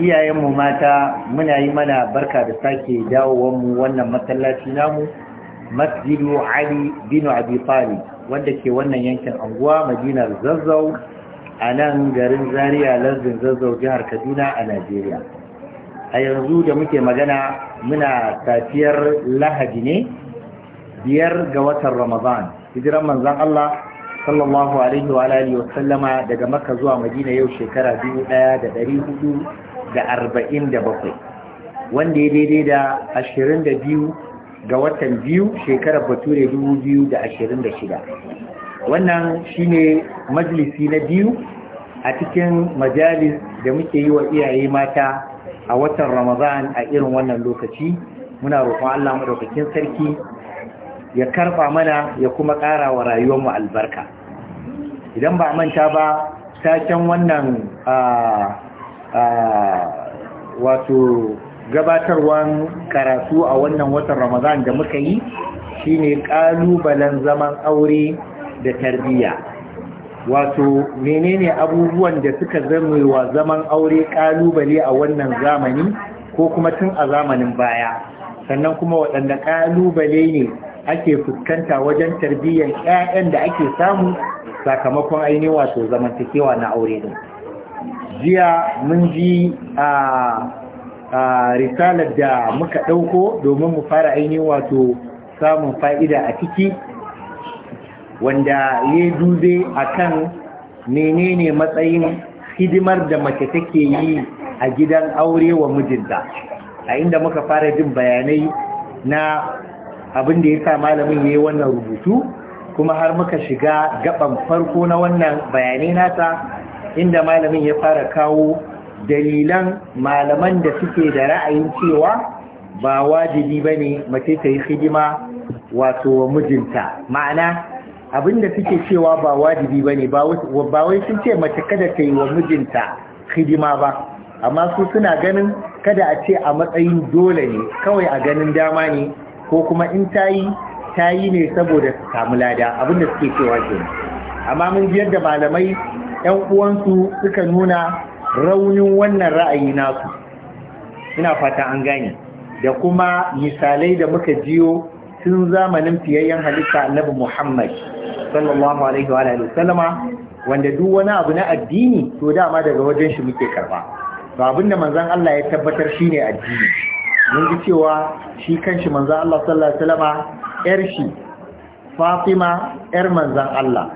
iyayenmu mata muna yi mana barka da sake dawowanmu wannan masallaci namu masjidu ali bin abi talib wanda ke wannan yankin anguwa madinar zazzau a nan garin zaria lardin zazzau jihar kaduna a najeriya a yanzu da muke magana muna safiyar lahadi ne biyar ga watan ramadan hijiran manzon allah sallallahu alaihi wa alihi wa sallama daga makka zuwa madina yau shekara da hudu da arba'in da bakwai wanda ya daidai da ashirin da biyu ga watan biyu shekarar bature dubu biyu da ashirin da shida wannan shine majalisi na biyu a cikin majalis da muke yi wa iyaye mata a watan ramadan a irin wannan lokaci muna roƙon allah maɗaukakin sarki ya karɓa mana ya kuma ƙara wa rayuwarmu albarka idan ba manta ba taken wannan ah, wato gabatarwan karatu a wannan watan ramadan da muka yi shine kalubalen zaman aure da tarbiyya wato menene abubuwan da suka wa zaman aure kalubale a wannan zamani ko kuma tun a zamanin baya sannan kuma waɗanda kalubale ne ake fuskanta wajen tarbiyyar 'ya'yan da ake samu sakamakon ainihin wato zamantakewa na aure ne. jiya mun ji a risalar da muka ɗauko domin mu fara ainihin wato samun fa'ida a ciki wanda ya dube a kan menene matsayin hidimar da mace take yi a gidan aure wa mijinta a inda muka fara jin bayanai na abin da ya sa malamin ya yi wannan rubutu kuma har muka shiga gaban farko na wannan bayanai nata inda malamin ya fara kawo dalilan malaman da suke da ra'ayin cewa ba wajibi ba ne mace ta yi hidima wato wa mijinta ma'ana abinda suke cewa ba wajibi ba ne ba wai sun ce mace kada ta yi wa mijinta hidima ba amma su suna ganin kada a ce a matsayin dole ne kawai a ganin dama ne ko kuma in ta yi ta yi ne saboda su samu lada abinda suke cewa ke amma mun ji yadda malamai ‘yan uwansu suka nuna raunin wannan ra'ayi nasu ina fata an gane da kuma misalai da muka jiyo tun zamanin fiyayyen halitta annabi muhammad sallallahu alaihi wa sallama wanda duk wani abu na addini to dama daga wajen shi muke karba to abinda manzon Allah ya tabbatar shine addini mun ji cewa shi kanshi manzon Allah sallallahu alaihi wasallama yar shi Fatima yar manzon Allah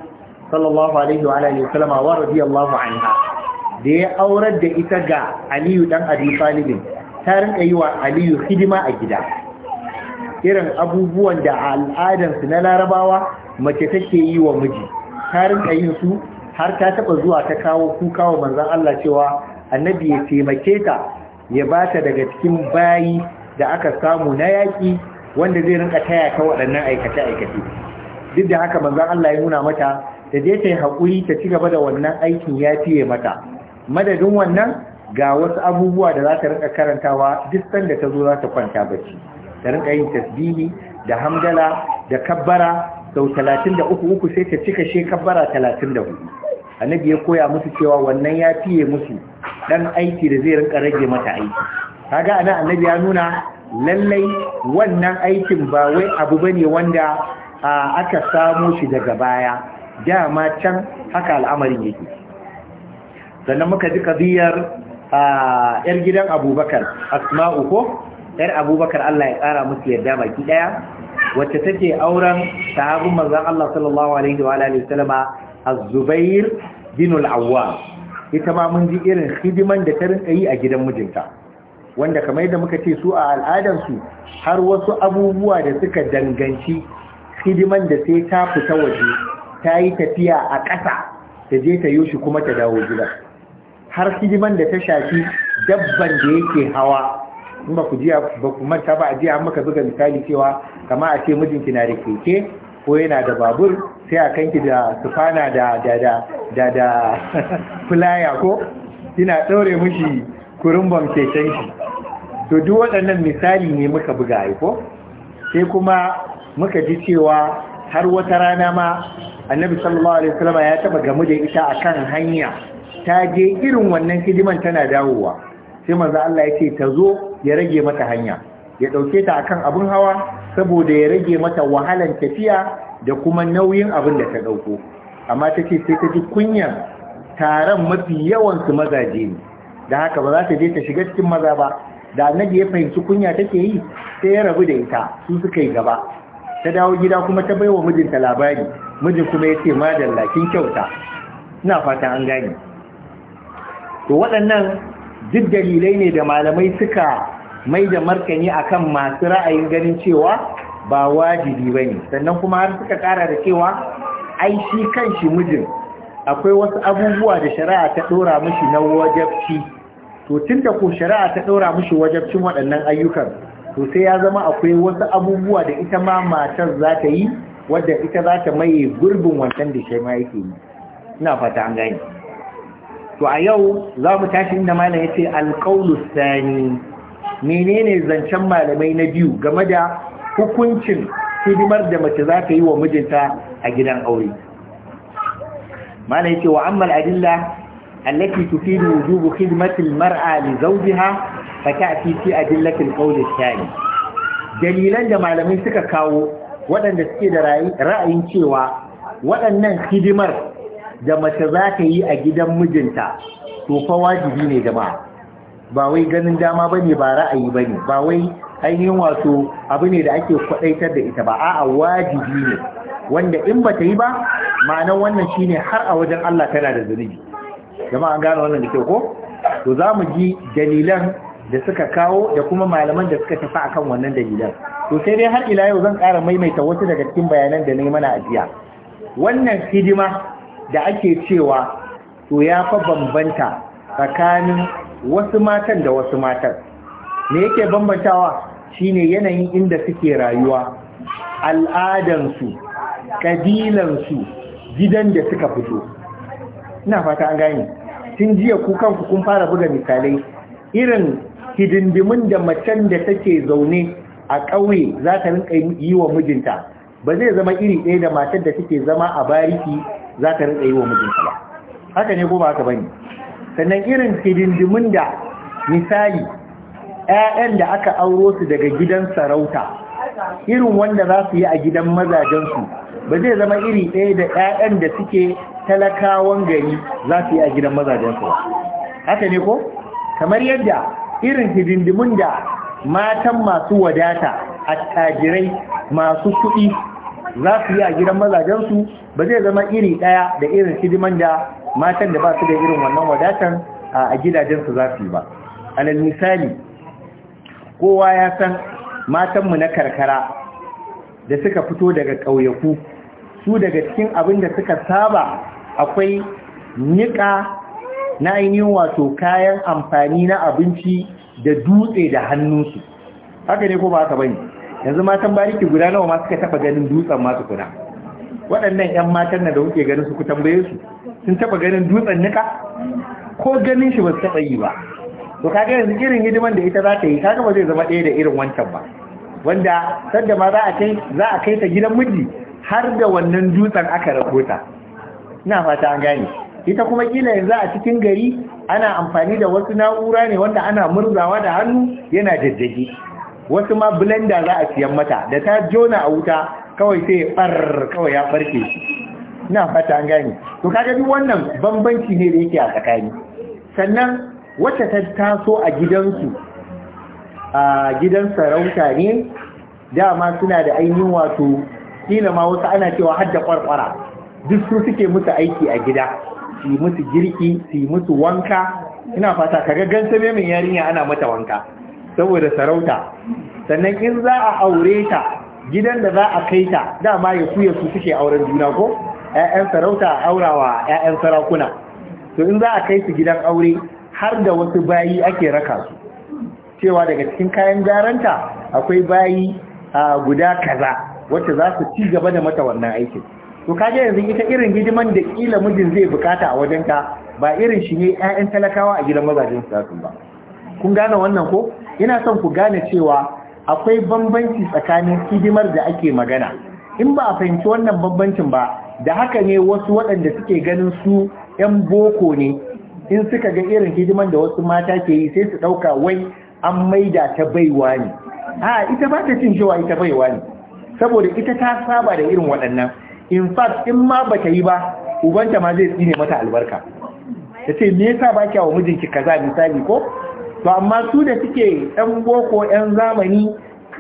sallallahu alaihi wa alihi sallama wa radiyallahu anha da ya aurar da ita ga Aliyu dan Abi Talib ta rinka yi wa Aliyu hidima a gida irin abubuwan da al'adansu na Larabawa mace take yi wa miji ta rinka yin su har ta taba zuwa ta kawo kuka wa manzon Allah cewa annabi ya taimake ta ya ba ta daga cikin bayi da aka samu na yaki wanda zai rinka taya ka waɗannan aikace-aikace duk da haka manzon Allah ya nuna mata ta je ta yi hakuri ta ci gaba da wannan aikin ya fiye mata madadin wannan ga wasu abubuwa da za ta rinka karantawa duk sanda ta zo za ta kwanta bacci ta rinka yin tasbihi da hamdala da kabbara sau talatin da uku uku sai ta cika she kabbara talatin da hudu annabi ya koya musu cewa wannan ya fiye musu dan aiki da zai rinka rage mata aiki kaga anan annabi ya nuna lallai wannan aikin ba wai abu bane wanda aka samo shi daga baya dama can haka al'amarin yake sannan muka ji kabiyar a yar gidan abubakar asma'u ko yar abubakar Allah ya kara musu yarda baki ɗaya? wacce take auren sahabin manzon Allah sallallahu alaihi wa alihi sallama az-zubair bin al-awwam ita ma mun ji irin hidiman da ta rinka yi a gidan mijinta wanda kamar yadda muka ce su a su har wasu abubuwa da suka danganci hidiman da sai ta fita waje ta yi tafiya a ƙasa ta je ta yi shi kuma ta dawo gida har hidiman da ta shafi dabban da yake hawa in ba ku jiya ba ku manta ba a jiya an maka buga misali cewa kama a ce mijinki na da keke ko yana da babur sai a kanki da sufana da da fulaya ko kina ɗaure mishi kurin keken shi to duk waɗannan misali ne muka buga ko sai kuma muka ji cewa har wata rana ma annabi sallallahu alaihi wasallam ya taba gamu da ita akan hanya ta je irin wannan hidiman tana dawowa sai manzo Allah ya ce ta zo ya rage mata hanya ya dauke ta akan abun hawa saboda ya rage mata wahalan tafiya da kuma nauyin abin da ta dauko amma ta sai ta ji kunyar taron mafi yawan su mazaje ne da haka ba za ta je ta shiga cikin maza ba da annabi ya fahimci kunya take yi sai ya rabu da ita su suka yi gaba ta dawo gida kuma ta bai wa mijinta labari mijin kuma ya ce madalla kin kyauta ina fata an gane to waɗannan duk dalilai ne da malamai suka mai da markani akan masu ra'ayin ganin cewa ba wajibi ba ne sannan kuma har suka ƙara da cewa ai shi kan shi mijin akwai wasu abubuwa da shari'a ta ɗora mishi na wajabci to tun da ko shari'a ta ɗora mishi wajabcin waɗannan ayyukan to sai ya zama akwai wasu abubuwa da ita ma matar za ta yi wadda ita za ta maye gurbin wancan da shema yake yi ina fata an gani. to a yau za mu tashi inda malam ya ce alƙaulu sani menene zancen malamai na biyu game da hukuncin hidimar da mace za ta yi wa mijinta a gidan aure malam ya ce wa ammal adilla التي تفيد وجوب خدمة المرأة لزوجها فتأتي في أدلة القول thani dalilan da malamai suka kawo waɗanda suke da ra'ayin cewa waɗannan hidimar da mace za ta yi a gidan mijinta to fa wajibi ne ma ba wai ganin dama bane ba ra'ayi bane ba wai ainihin wato abu ne da ake kwaɗaitar da ita ba a'a wajibi ne wanda in ba ta yi ba ma'anar wannan shi ne har a wajen Allah tana da zunubi jama'a an gane wannan da kyau ko to za mu ji dalilan da suka kawo da kuma malaman da suka tafi akan wannan dalilan to sai dai har ila yau zan ƙara maimaita wasu daga cikin bayanan da na yi mana ajiya wannan hidima da ake cewa to ya fa bambanta tsakanin wasu matan da wasu matan me yake bambantawa shine yanayin inda suke rayuwa al'adansu ƙabilansu gidan da suka fito ina fata an gane tun jiya ku kanku kun fara buga misalai irin hidindimin da macen da take zaune a ƙauye za ta rinka yi wa mijinta ba zai zama iri ɗaya da matar da take zama a bariki za ta rinka yi wa mijinta ba haka ne ko ba haka bane sannan irin hidindimin da misali ƴaƴan da aka auro su daga gidan sarauta irin wanda za su yi a gidan mazajen su, ba zai zama iri ɗaya da ƴaƴan da suke talakawan gari za su yi a gidan su ba haka ne ko kamar yadda irin hidindimun da matan masu wadata a tajirai masu kuɗi za su yi a gidan mazajensu ba zai zama iri ɗaya da irin hidiman da matan da ba su da irin wannan wadatan a gidajensu za su yi ba alal misali kowa ya san matanmu na karkara da suka fito daga ƙauyaku su daga cikin abin da suka saba akwai niƙa na ainihin wato kayan amfani na abinci da dutse da hannunsu haka ne ko ba haka bane yanzu matan bariki guda nawa ma suka taba ganin dutsen masu kuna waɗannan 'yan matan na da kuke ganin su ku tambaye su sun taba ganin dutsen nika ko ganin shi ba su taba yi ba to kaga yanzu irin hidiman da ita za ta yi kaga ba zai zama ɗaya da irin wancan ba wanda sanda ma za a kai za a kai ta gidan miji har da wannan dutsen aka rakota ina fata an gane ita kuma kila yanzu a cikin gari ana amfani da wasu na'ura ne wanda ana murzawa da hannu yana jajjage wasu ma blenda za a siyan mata da ta jona a wuta kawai sai far kawai ya farke shi ina fata an gane to kaga duk wannan bambanci ne da yake a tsakani sannan wacce ta taso a gidansu a gidan sarauta ne dama suna da ainihin wato kila ma wasu ana cewa hadda kwarkwara duk su suke musu aiki a gida su musu girki su musu wanka ina fata ka gaggan gansa min yarinya ana mata wanka saboda sarauta sannan in za a aure ta gidan da za a kai ta dama ya kuya su suke auren juna ko Ya'yan sarauta aurawa ya'yan sarakuna to in za a kai su gidan aure har da wasu bayi ake raka su cewa daga cikin kayan jaranta akwai bayi a guda kaza wacce za su ci gaba da mata wannan aikin to kaje yanzu ita irin hidiman da kila mijin zai bukata a wajenka ba irin shi ne ƴaƴan talakawa a gidan mazajen su zasu ba kun gane wannan ko ina son ku gane cewa akwai bambanci tsakanin hidimar da ake magana in ba a fahimci wannan bambancin ba da haka ne wasu waɗanda suke ganin su ƴan boko ne in suka ga irin hidiman da wasu mata ke yi sai su ɗauka wai an maida ta baiwa ne a ita ba ta cin cewa ita baiwa ne saboda ita ta saba da irin waɗannan in fact in ma baka yi ba ubanta ma zai tsine mata albarka ya ce me yasa ba kya wa mijinki kaza misali ko to amma su da suke ɗan boko yan zamani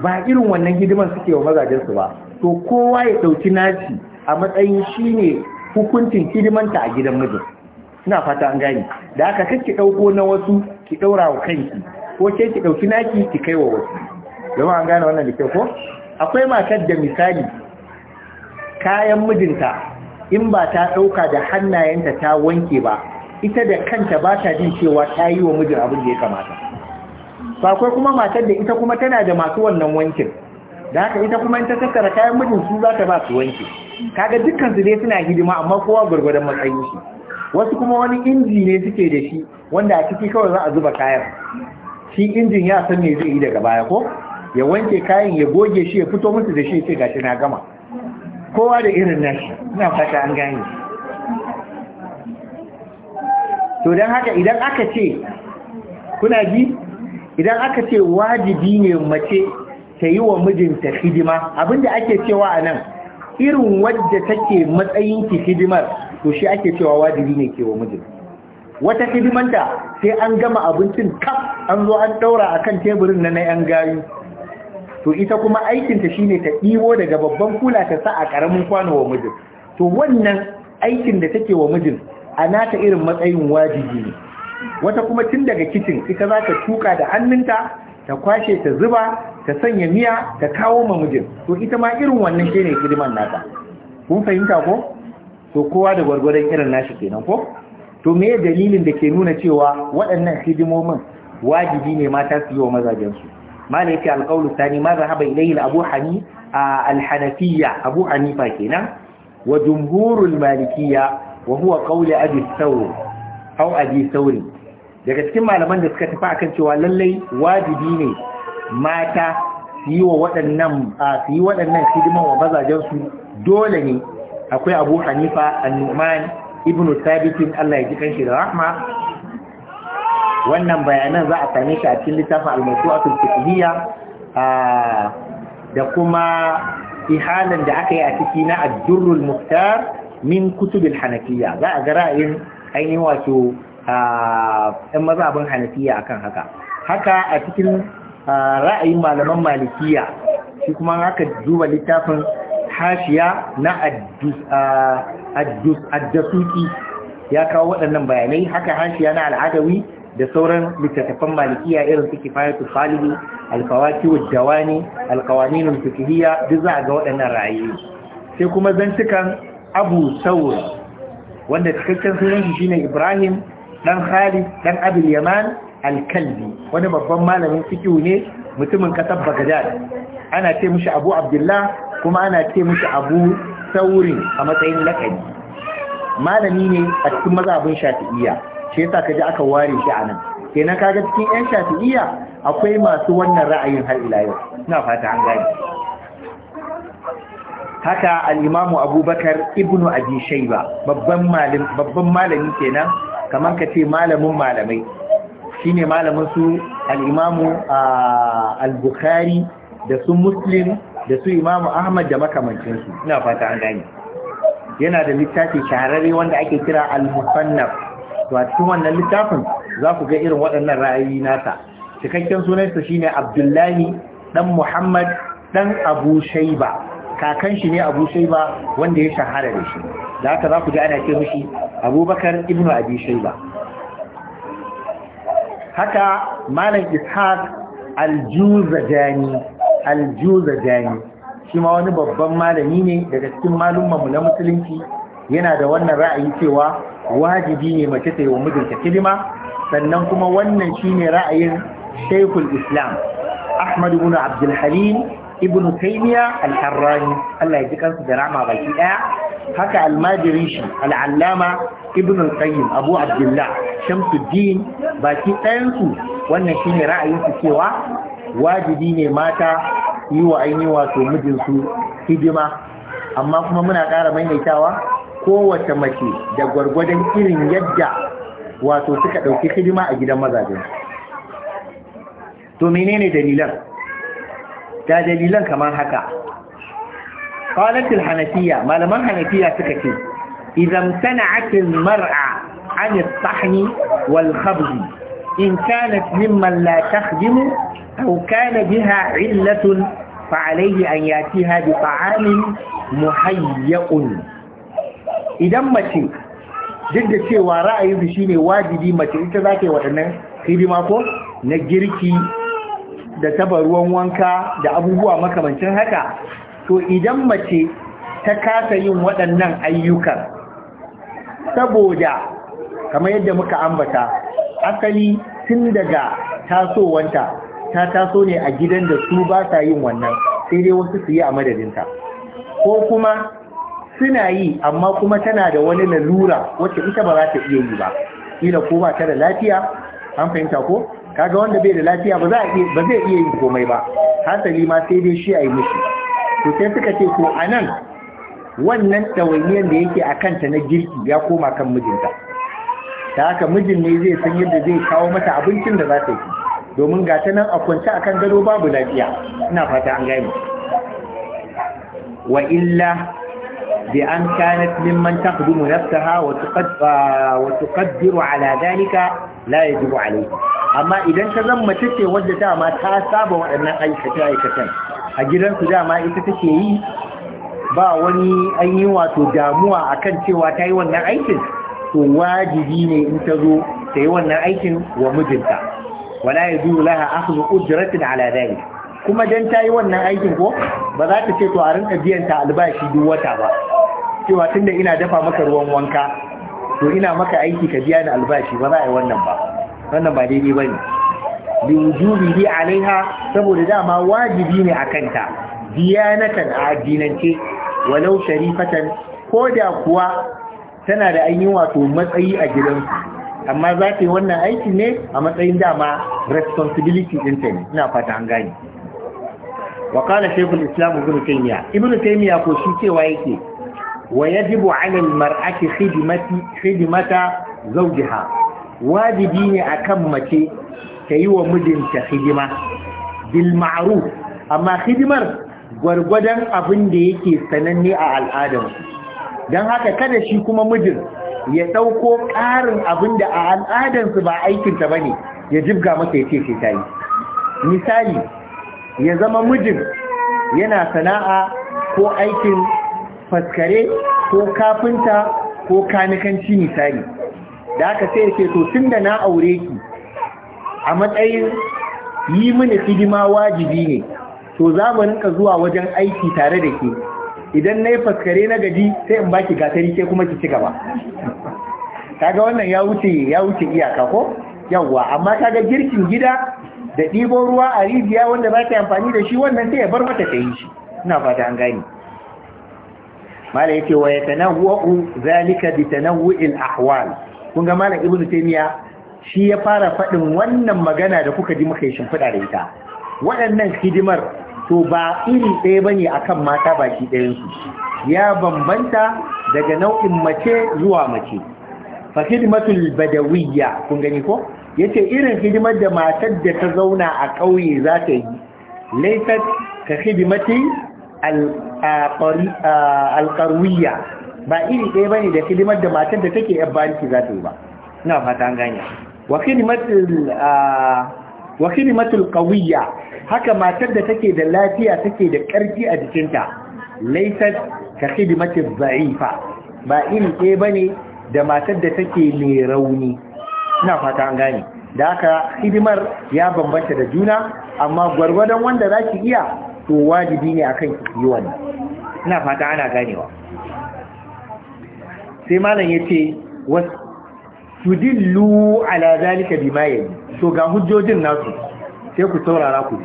ba irin wannan hidiman suke wa mazajensu ba to kowa ya ɗauki naci a matsayin shine hukuncin hidimanta a gidan mijin ina fata an gani da aka kake ɗauko na wasu ki ɗaura wa kanki ko ke ki ɗauki naki ki kai wasu zama an gane wannan da ke ko akwai matar da misali kayan mijinta in ba ta ɗauka da hannayenta ta wanke ba ita da kanta ba ta jin cewa ta yi wa mijin abin da ya kamata ba kai kuma matar da ita kuma tana da masu wannan wankin da haka ita kuma in ta tattara kayan mijin su za ta ba su wanke kaga dukkan su dai suna hidima amma kowa gurgurdan matsayin shi wasu kuma wani inji ne suke da shi wanda a ciki kawai za a zuba kayan shi injin ya san me zai yi daga baya ko ya wanke kayan ya goge shi ya fito musu da shi ya sai gashi na gama kowa da irin nashi ina fata an gane to don haka idan aka ce kuna ji idan aka ce wajibi ne mace ta yi wa mijinta hidima abinda ake cewa a nan irin wadda take matsayin ki hidimar to shi ake cewa wajibi ne ke wa mijin wata hidimanta sai an gama abincin kaf an zo an daura akan teburin na na yan gayu to ita kuma aikinta shine ta ɗiwo daga babban kula ta sa a ƙaramin kwano wa mijin to wannan aikin da take wa mijin a nata irin matsayin wajibi ne wata kuma tun daga kicin ita za ta tuka da hannunta ta kwashe ta zuba ta sanya miya ta kawo ma mijin to ita ma irin wannan ne hidiman nata kun fahimta ko to kowa da gwargwaron irin nashi kenan ko to me dalilin da ke nuna cewa waɗannan hidimomin wajibi ne mata su yi wa mazajensu mala yace alqawlu thani ma zahaba ilayhi abu hani alhanafiyya abu hanifa kenan wa jumhurul malikiyya wa huwa qawlu abi thawr aw abi daga cikin malaman da suka tafi akan cewa lallai wajibi ne mata su yi wa waɗannan su yi waɗannan hidiman wa mazajen su dole ne akwai abu hanifa an-nu'man ibnu thabit Allah ya ji kanshi da rahma wannan bayanan za a same shi a cikin littafin al-mawsu'atul fiqhiyya da kuma ihalan da aka yi a ciki na ad-durrul muhtar min kutubil hanafiyya za a ga ra'ayin ainihin wato ɗan mazhabin hanafiya akan haka haka a cikin ra'ayin malaman malikiya shi kuma haka duba littafin hashiya na addasuki ya kawo waɗannan bayanai haka hashiya na al'adawi da sauran littattafan malikiya irin su kifayatu wa alfawaki alkawani alkawaninun fikihiyya duk za a ga waɗannan ra'ayi sai kuma zantukan abu saur wanda cikakken sunan shi shine ibrahim dan khalid dan abul yaman alkalbi wani babban malamin fikihu ne mutumin kasar bagdad ana ce mishi abu abdullah kuma ana ce mishi abu saurin a matsayin lakani malami ne a cikin mazhabin shafi'iyya shi yasa kaji aka ware shi a nan kenan kaga cikin yan shafi'iyya akwai masu wannan ra'ayin har ila yau ina fata an gane haka al'imamu abubakar ibnu abi shayba babban malami kenan kamar ka ce malamin malamai shine malamin su al'imamu al-bukhari da su muslim da su imamu ahmad da makamancinsu ina fata an gani yana da littafi shahararre wanda ake kira al-musannaf to a cikin wannan littafin za ku ga irin waɗannan ra'ayi nasa cikakken sunansa shine abdullahi Ɗan muhammad Ɗan abu shaiba kakan shi ne abu shaiba wanda ya shahara da shi da haka za ku ji ana ce mishi abubakar ibnu abi shaiba haka malam ishaq aljuzajani aljuzajani shi ma wani babban malami ne daga cikin malumman mu na musulunci yana da wannan ra'ayi cewa wajibi ne mace ta yi wa mijinta kilima sannan kuma wannan shine ra'ayin Shaykhul Islam Ahmad ibn Abdul Halim ibn Taymiyyah al-Harrani Allah ya ji kansu da rama baki daya haka almajiri shi al-Allama ibn al-Qayyim Abu Abdullah Shamsuddin baki ɗayansu su wannan shine ra'ayin su cewa wajibi ne mata yi wa ainihi wato mijinsu hidima amma kuma muna ƙara maimaitawa kowace mace da gwargwadon irin yadda wato suka ɗauki hidima a gidan mazajen to menene dalilan da dalilan kamar haka qalatul hanafiya malaman hanafiya suka ce idan sana'at mara an as wal khabz in kanat mimman la takhdimu aw kana biha 'illatun fa alayhi an yatiha bi ta'amin muhayya'un idan mace duk da cewa ra'ayinsu shine wajibi mace ita za ta yi waɗannan hidima ko na girki da taba ruwan wanka da abubuwa makamancin haka to idan mace ta kasa yin waɗannan ayyukan saboda kamar yadda muka ambata asali tun daga tasowanta ta taso ne a gidan da su ba sa yin wannan sai dai wasu su yi a madadinta ko kuma suna yi amma kuma tana da wani lalura wacce ita ba za ta iya yi ba kila ko ba ta da lafiya an fahimta ko kaga wanda bai da lafiya ba za ba zai iya yin komai ba hasali ma sai dai shi ayi mishi to sai suka ce ko anan wannan ɗawainiyar da yake a kanta na girki ya koma kan mijinta ta haka mijin ne zai san yadda zai kawo mata abincin da za ta yi domin ga ta nan a kwance akan gado babu lafiya ina fata an gane wa illa بأن كانت ممن تقدم نفسها وتقدر على ذلك لا يجب عليه amma idan ka zama ce ta dama ta saba waɗannan aikace-aikacen a gidansu dama ita take yi ba wani an yi wato damuwa akan cewa ta yi wannan aikin to wajibi ne in ta zo ta yi wannan aikin wa mijinta wala ya zuwa laha akhdhu ujratin ala dhalika kuma dan ta yi wannan aikin ko ba za ta ce to a rinka biyan ta albashi duk wata ba cewa tunda ina dafa maka ruwan wanka to ina maka aiki ka biya ni albashi ba za a yi wannan ba wannan ba daidai bane bi wujubihi alaiha saboda dama wajibi ne akan ta diyanatan a addinance walau sharifatan ko da kuwa tana da ainihin wato matsayi a gidansu amma za ta yi wannan aiki ne a matsayin dama responsibility ɗinta ne ina fata an gani wa qala shaykhul islam ibn taymiya ibn taymiya ko shi cewa yake wa yajibu 'ala al-mar'ati khidmati khidmata zawjiha wajibi ne akan mace ta yi wa mijinta hidima bil ma'ruf amma hidimar gwargwadon abin da yake sananne a al'adar don haka kada shi kuma mijin ya ɗauko ƙarin abin da a al'adarsu ba aikinta ba ne ya jibga masa ya ce sai ta yi misali ya zama mijin yana sana'a ko aikin faskare ko kafinta ko kanikanci misali da aka sai ce to tun da na aure ki a matsayin yi mini hidima wajibi ne to za mu rinka zuwa wajen aiki tare da ke idan na yi faskare na gaji sai in baki gatari ke kuma ki ci gaba kaga wannan ya wuce ya wuce iyaka ko yawwa amma kaga girkin gida da ɗibo ruwa a rijiya wanda za ta yi amfani da shi wannan ta ya bar mata ta yi shi ina fata an gani mala yake wa ya tanawwa'u zalika bi tanawwu'il ahwal kun ga malam ibnu taymiya shi ya fara faɗin wannan magana da kuka ji muka yi shimfiɗa da ita waɗannan hidimar to ba iri ɗaya bane akan mata baki ɗayan su ya bambanta daga nau'in mace zuwa mace fa hidimatul badawiyya kun gani ko yace irin hidimar da matar da ta zauna a ƙauye za ta yi laifat ka hidimati alƙarwiya ba iri ɗaya bane da hidimar da matar da take yan banki za ta yi ba ina fata an gane wa hidimatul wa qawiyya haka matar da take da lafiya take da ƙarfi a jikinta laifat ka hidimatul za'ifa ba iri ɗaya bane da matar da take mai rauni ina fata an gane da aka hidimar ya bambanta da juna amma gwargwadon wanda za ki iya to wajibi ne akan yi wannan ina fata ana ganewa sai malam ya ce tudillu ala zalika bima yayi to ga hujjojin nasu sai ku saurara ku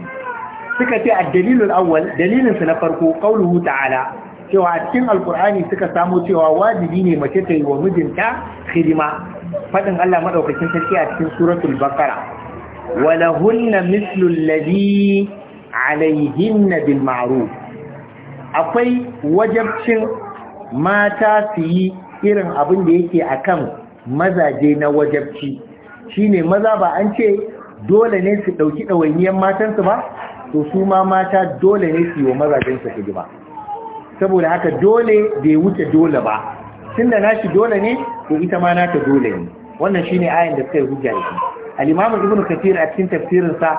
suka ce a dalilul awwal dalilin na farko qauluhu ta'ala cewa a cikin alkur'ani suka samu cewa wajibi ne mace ta yi wa mijinta hidima faɗin Allah madaukakin sarki a cikin suratul bakara wala hunna mislu alladhi alaihinna bil ma'ruf akwai wajabcin mata su yi irin abin da yake akan mazaje na wajabci shine maza ba an ce dole ne su ɗauki ɗawainiyar matansu ba to su ma mata dole ne su yi wa mazajensu hidima saboda haka dole bai wuce dole ba tun da nashi dole ne to ita ma nata dole ne wannan shine ayan da suka yi hujja da al-imamu ibn kathir a cikin tafsirin sa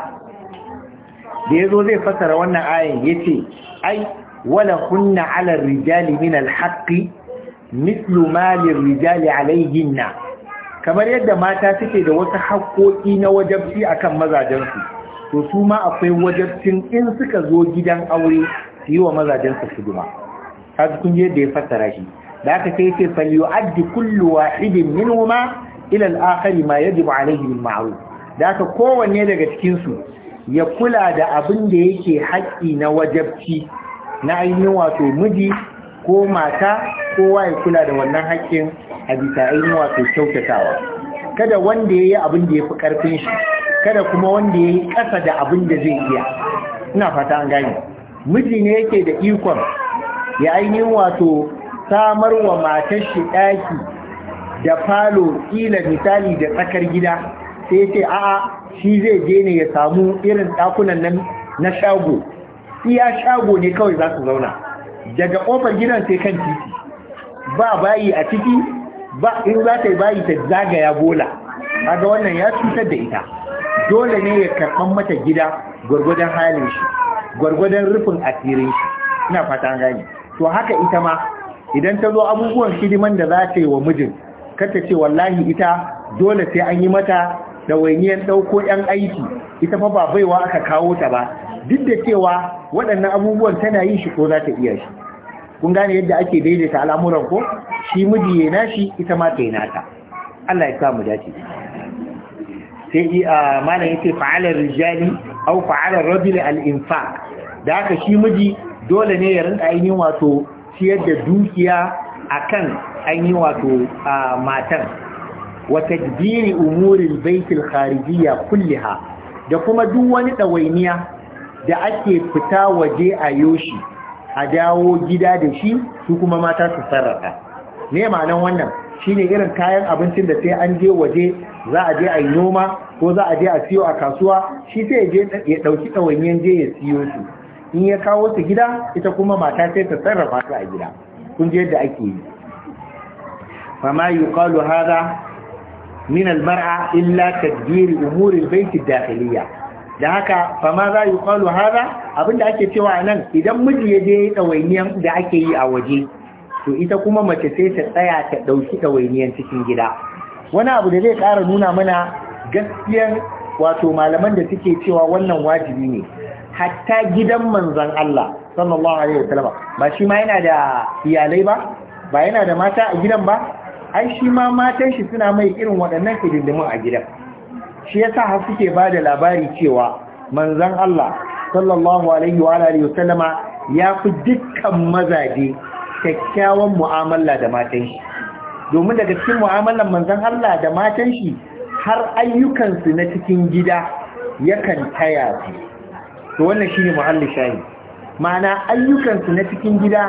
da zo zai fassara wannan ayan yace ai wala kunna ala rijali min al-haqqi mithlu ma rijali alayhinna kamar yadda mata suke da wasu haƙoƙi na wajabci akan mazajensu to su ma akwai wajabcin in suka zo gidan aure su yi wa mazajensu hidima kaga kun je da ya fassara shi da aka sai ce fal yu'addi kullu wahidin minhuma ila al-akhari ma yajibu alayhi bil ma'ruf da aka kowanne daga cikin su ya kula da abin da yake haƙƙi na wajabci na ainihin wato miji ko mata kowa ya kula da wannan haƙƙin a bisa ainihin wato kyautatawa kada wanda ya yi abin da ya fi ƙarfin shi kada kuma wanda ya yi ƙasa da abin da zai iya ina fata an gane miji ne yake da ikon ya ainihin wato samar wa matar shi ɗaki da falo ƙila misali da tsakar gida sai ce a'a shi zai je ne ya samu irin ɗakunan nan na shago iya shago ne kawai za su zauna daga ƙofar gidan sai kan titi ba bayi a ciki ba in za ta yi bayi ta zagaya bola kaga wannan ya cutar da ita dole ne ya karɓan mata gida gwargwadon halin shi gwargwadon rufin asirin shi ina fata gani to haka ita ma idan ta zo abubuwan hidiman da za ta yi wa mijin ta ce wallahi ita dole sai an yi mata ɗawainiyar ɗauko 'yan aiki ita fa ba baiwa aka kawo ta ba duk da cewa waɗannan abubuwan tana yin shi ko za ta iya shi kun gane yadda ake daidaita al'amuran ko shi miji ya nashi ita ma ta yi nata Allah ya samu dace sai a malam yace fa'alar rijali aw fa'alar rajuli al-infaq da haka shi miji dole ne ya rinka ainihin wato ciyar da dukiya akan ainihin wato matan wa jibiri umurin baitul kharijiyya kulliha da kuma duk wani ɗawainiya da ake fita waje a yoshi a dawo gida da shi su kuma mata su sarrafa ne ma'anan wannan shine irin kayan abincin da sai an je waje za a je a yi noma ko za a je a siyo a kasuwa shi sai ya je ya ɗauki ɗawainiyan je ya siyo su in ya kawo ta gida ita kuma mata sai ta sarrafa ta a gida kun ji yadda ake yi fama yuqalu hadha min al-mar'a illa tadbir umuri al-bayt al-dakhiliya da haka fama za yuqalu hadha abinda ake cewa nan idan miji ya je dawainiyan da ake yi a waje to ita kuma mace sai ta tsaya ta dauki dawainiyan cikin gida wani abu da zai ƙara nuna mana gaskiyar wato malaman da suke cewa wannan wajibi ne hatta gidan manzan Allah sallallahu alaihi sallama ba shi ma yana da iyalai ba ba yana da mata a gidan ba ai shi ma matan shi suna mai irin waɗannan kididdimin a gidan shi yasa har suke ba da labari cewa manzan Allah sallallahu alaihi wa alihi wasallama ya fi dukkan mazaje kyakkyawan mu'amala da matan shi domin daga cikin mu'amalan manzan Allah da matan shi har ayyukansu na cikin gida yakan taya su to wannan shine muhallin shayi ma'ana ayyukansu na cikin gida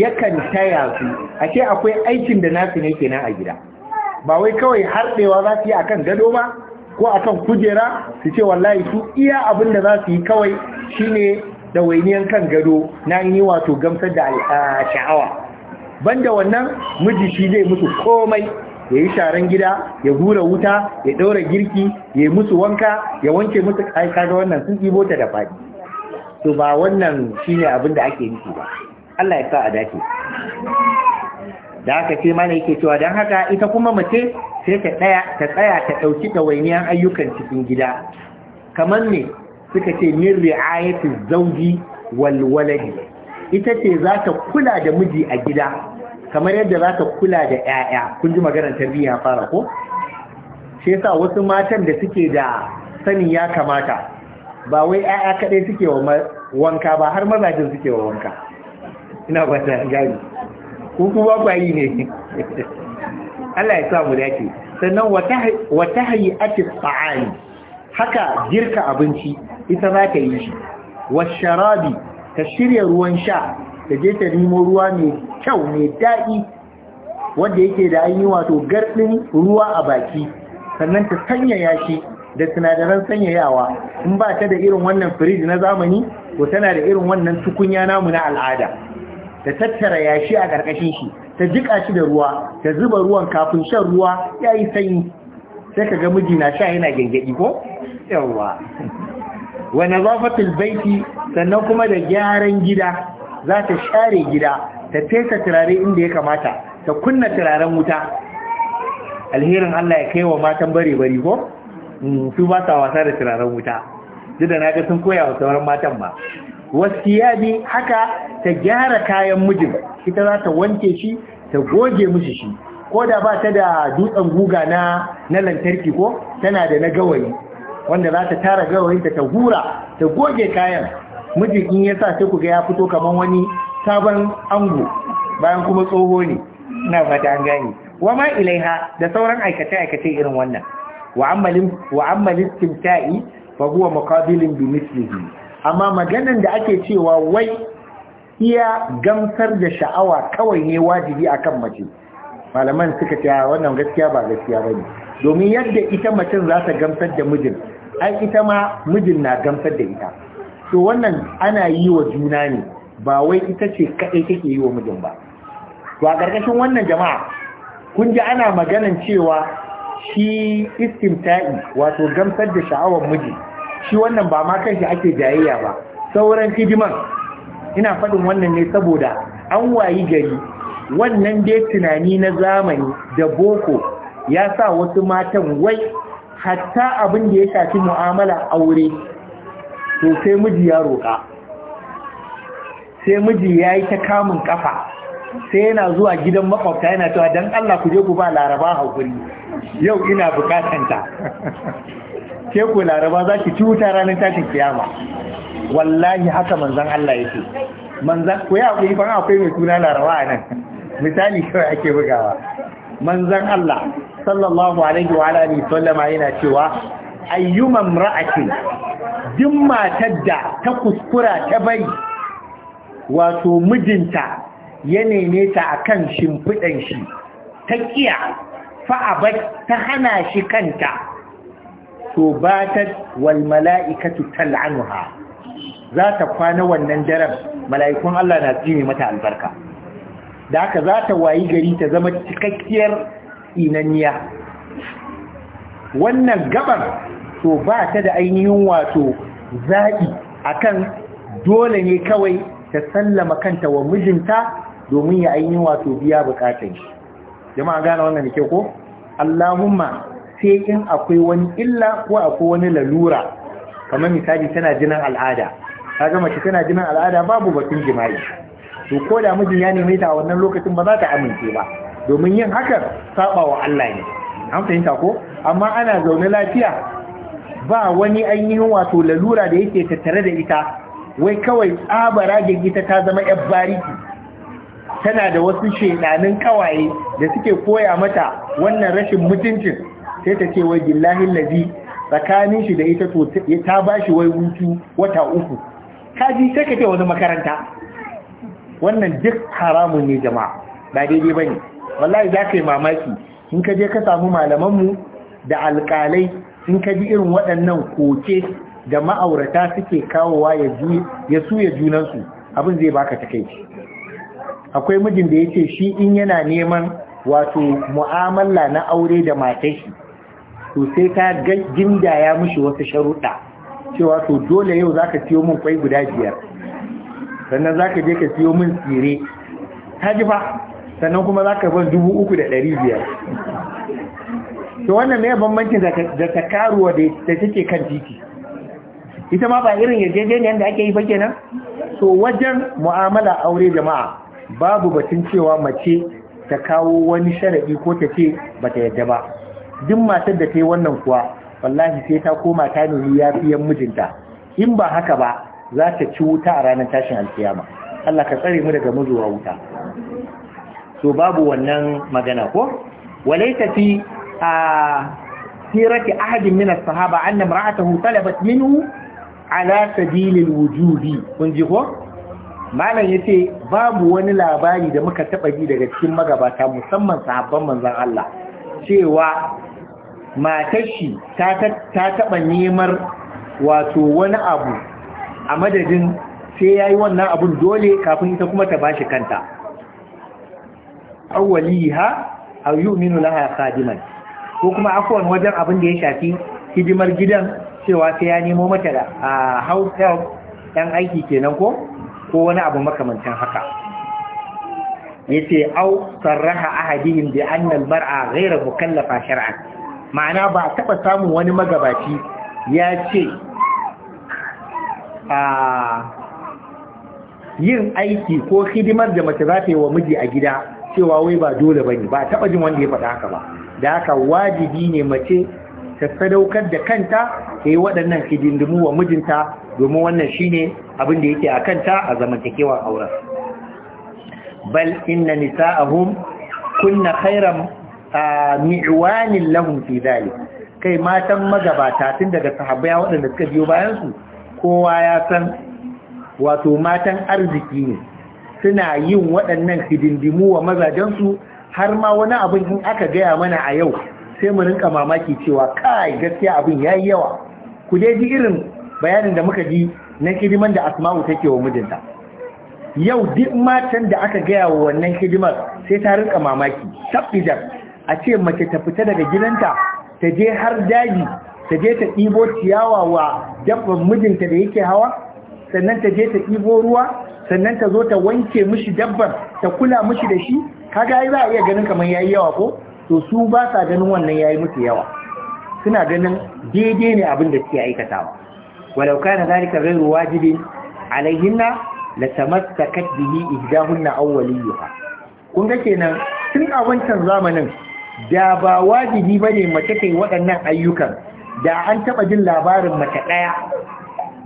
yakan taya su ake akwai aikin da nasu ne kenan a gida ba wai kawai harbewa za su yi akan gado ba ko akan kujera su ce wallahi su iya abin da za su yi kawai shine wainiyan kan gado na yi wato gamsar da sha'awa banda wannan miji shi zai musu komai ya yi sharan gida ya gura wuta ya ɗaura girki ya yi musu wanka ya wanke musu aika ga wannan sun ibo ta da fadi. to ba wannan shi ne abin da ake nufi ba Allah ya sa a dace da haka ce mana yake cewa don haka ita kuma mace sai ta tsaya ta tsaya ta ɗauki ɗawainiyar ayyukan cikin gida kamar ne suka ce min ri'ayati zauji wal waladi ita ce za ta kula da miji a gida kamar yadda za ta kula da 'ya'ya kun ji maganar tarbiyya fara ko shi yasa wasu matan da suke da sanin ya kamata ba wai 'ya'ya kaɗai suke wa wanka ba har mazajin suke wa wanka ina ba ta gani ku ba kwayi ne Allah ya sa mu dace sannan wa tahyi atis ta'ani haka girka abinci ita za ta yi shi wa sharabi ta shirya ruwan sha ta je ta nemo ruwa mai kyau mai daɗi wanda yake da an yi wato garɗin ruwa a baki sannan ta sanya shi da sinadaran sanyayawa in ba ta da irin wannan firiji na zamani ko tana da irin wannan tukunya namu na al'ada ta tattara yashi a ƙarƙashin shi ta jiƙa shi da ruwa ta zuba ruwan kafin shan ruwa ya yi sanyi sai ka ga miji na sha yana gyangyaɗi ko yawwa wa nazafatul baiti sannan kuma da gyaran gida za ta share gida ta fesa turare inda ya kamata ta kunna turaren wuta alherin Allah ya kai wa matan bare bari ko su ba wasa da turaren wuta duk na ga sun koya wa sauran matan ba ya bi haka ta gyara kayan mijin ita za ta wanke shi ta goge mishi shi ko da ba ta da dutsen guga na lantarki ko tana da na gawayi wanda za ta tara gawayin ta ta hura ta goge kayan mijin in ya sa sai ku ga ya fito kamar wani sabon ango bayan kuma tsoho ne ina fata an gane wama ilaiha da sauran aikace-aikace irin wannan wa istimta'i fa huwa bi amma maganan da ake cewa wai iya gamsar da sha'awa kawai ne wajibi akan mace malaman suka ce wannan gaskiya ba gaskiya bane domin yadda ita macen za ta gamsar da mijin ai ita ma mijin na gamsar da ita to wannan ana yi wa juna ne ba wai ita ce kaɗai take yi wa mijin ba to a ƙarƙashin wannan jama'a kun ji ana maganan cewa shi istimta'i wato gamsar da sha'awar miji shi wannan ba ma shi ake jayayya ba sauran hidiman ina faɗin wannan ne saboda an wayi gari wannan dai tunani na zamani da boko ya sa wasu matan wai hatta abin da ya shafi mu'amala aure to sai miji ya roƙa sai miji ya yi ta kamun ƙafa, sai yana zuwa gidan makwabta yana cewa don Allah ku je ku ba laraba haƙuri yau ina bukatanta ke ku laraba za ki ci wuta ranar tashin kiyama wallahi haka manzan Allah ya manzan ku ya yi ban akwai mai suna laraba a nan misali kawai ake bugawa manzan Allah sallallahu alaihi wa alihi sallama yana cewa ayyuman ra'atin duk matar da ta kuskura ta bai wato mijinta ya neme ta akan shimfidan shi ta kiya fa'abat ta hana shi kanta to batat wal mala'ikatu tal'anuha za ta kwana wannan daren mala'ikun Allah na tsine mata albarka da haka za ta wayi gari ta zama cikakkiyar inaniya wannan gabar to ba ta da ainihin wato zaɓi akan dole ne kawai ta sallama kanta wa mijinta domin ya ainihin wato biya bukatun shi jama'a gane wannan ke ko Allahumma sai in akwai wani illa ko akwai wani lalura kamar misali tana jinin al'ada ta gama shi tana jinin al'ada babu batun jima'i to ko da mijin ya nemi ta wannan lokacin ba za ta amince ba domin yin hakan saba wa Allah ne an fahimta ko amma ana zaune lafiya ba wani ainihin wato lalura da yake tattare da ita wai kawai tsabara da ita ta zama yar bariki tana da wasu shaidanin kawaye da suke koya mata wannan rashin mutuncin sai ta ce wai billahi lazi tsakanin shi da ita to ta ba shi wai hutu wata uku kaji sai ka ce wani makaranta wannan duk haramun ne jama'a ba daidai bane wallahi za ka yi mamaki in ka je ka samu malamanmu da alƙalai in ka ji irin waɗannan koke da ma'aurata suke kawowa ya su ya junansu abin zai baka takaici akwai mijin da yace shi in yana neman wato mu'amala na aure da matar shi to sai ka gindaya mishi wasu sharuɗa cewa to dole yau zaka siyo min kwai guda biyar sannan zaka je ka siyo min tsire ta ji fa sannan kuma zaka ban dubu uku da ɗari biyar to wannan mai bambancin da ta karuwa da take kan titi ita ma ba irin yarjejeniyar da ake yi ba kenan to wajen mu'amala aure jama'a babu batun cewa mace ta kawo wani sharaɗi ko ta ce ba ta yadda ba duk matar da ta yi wannan kuwa wallahi sai ta koma ta nemi 'yan mijinta in ba haka ba za ta ci wuta a ranar tashin alkiyama Allah ka tsare mu daga mazuwa wuta so babu wannan magana ko walaita fi a sirati ahadin min as-sahaba anna imra'atahu talabat minhu ala sabilil wujubi kun ji ko malam ya yace babu wani labari da muka taba ji daga cikin magabata musamman sahabban manzan Allah cewa matar shi ta ta taba nemar wato wani abu a madadin sai yayi wannan abun dole kafin ita kuma ta bashi kanta awwaliha aw yu'minu laha khadiman ko kuma akwai wajen abin da ya shafi hidimar gidan cewa sai ya nemo mata da house help aiki kenan ko ko wani abu makamancin haka yace au sarraha ahadihim bi anna al-mar'a ghayra mukallafa shar'an ma'ana ba taba samun wani magabaci yace ce a yin aiki ko hidimar da mace za ta yi wa miji a gida cewa wai ba dole bane ba taba jin wanda ya faɗa haka ba da haka wajibi ne mace ta sadaukar da kanta ta yi waɗannan hidindimu wa mijinta domin wannan shine abin da yake kanta a zamantakewar auren bal inna nisa'ahum kunna khairan mi'wanin lahum fi dhalik kai matan magabata tun daga sahabbai waɗanda suka biyo bayan kowa ya san wato matan arziki ne suna yin waɗannan hidindimu wa mazajen har ma wani abin in aka gaya mana a yau sai mu rinka mamaki cewa kai gaskiya abin yayi yawa ku dai ji irin bayanin da muka ji na hidiman da asma'u take wa mijinta yau duk matan da aka gaya wa wannan hidimar sai ta rika mamaki tabbijar a ce mace ta fita daga gidanta ta je har daji ta je ta ɗibo ciyawa wa dabban mijinta da yake hawa sannan ta je ta ɗibo ruwa sannan ta zo ta wanke mishi dabban ta kula mishi da shi kaga ai za a iya ganin kamar yayi yawa ko to su ba sa ganin wannan yayi musu yawa suna ganin daidai ne abin da suke aikatawa ولو كان ذلك غير واجب عليهن لتمسكت به إهداهن أوليها kun ga kenan tun a wancan zamanin da ba wajibi ba ne mace ta yi waɗannan ayyukan da an taɓa jin labarin mace ɗaya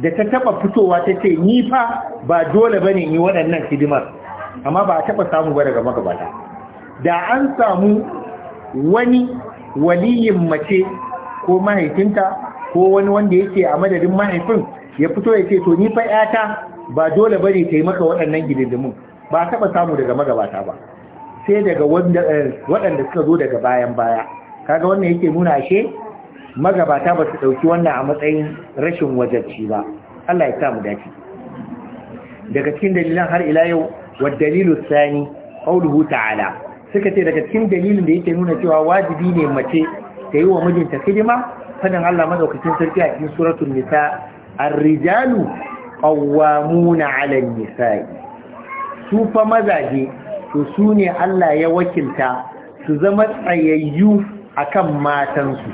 da ta taɓa fitowa ta ce ni fa ba dole ba ne yi waɗannan hidimar amma ba a taɓa samu ba daga magabata da an samu wani waliyin mace ko mahaifinta ko wani wanda yake a madadin mahaifin ya fito ya ce to ni fa yata ba dole bari ta yi maka waɗannan gidindimin ba taɓa samu daga magabata ba sai daga eh, waɗanda suka zo daga bayan baya kaga wannan yake nuna ashe magabata ba su ɗauki wannan a matsayin rashin wajarci ba Allah ya sa mu dace daga cikin dalilan har ila yau wa dalilu sani qauluhu ta'ala suka ce daga cikin dalilin da yake nuna cewa wajibi ne mace ta yi wa mijinta hidima fadin Allah madaukakin sarki a cikin suratul nisa ar-rijalu qawwamuna 'ala nisai su fa mazaje to su ne Allah ya wakilta su zama tsayayyu akan matansu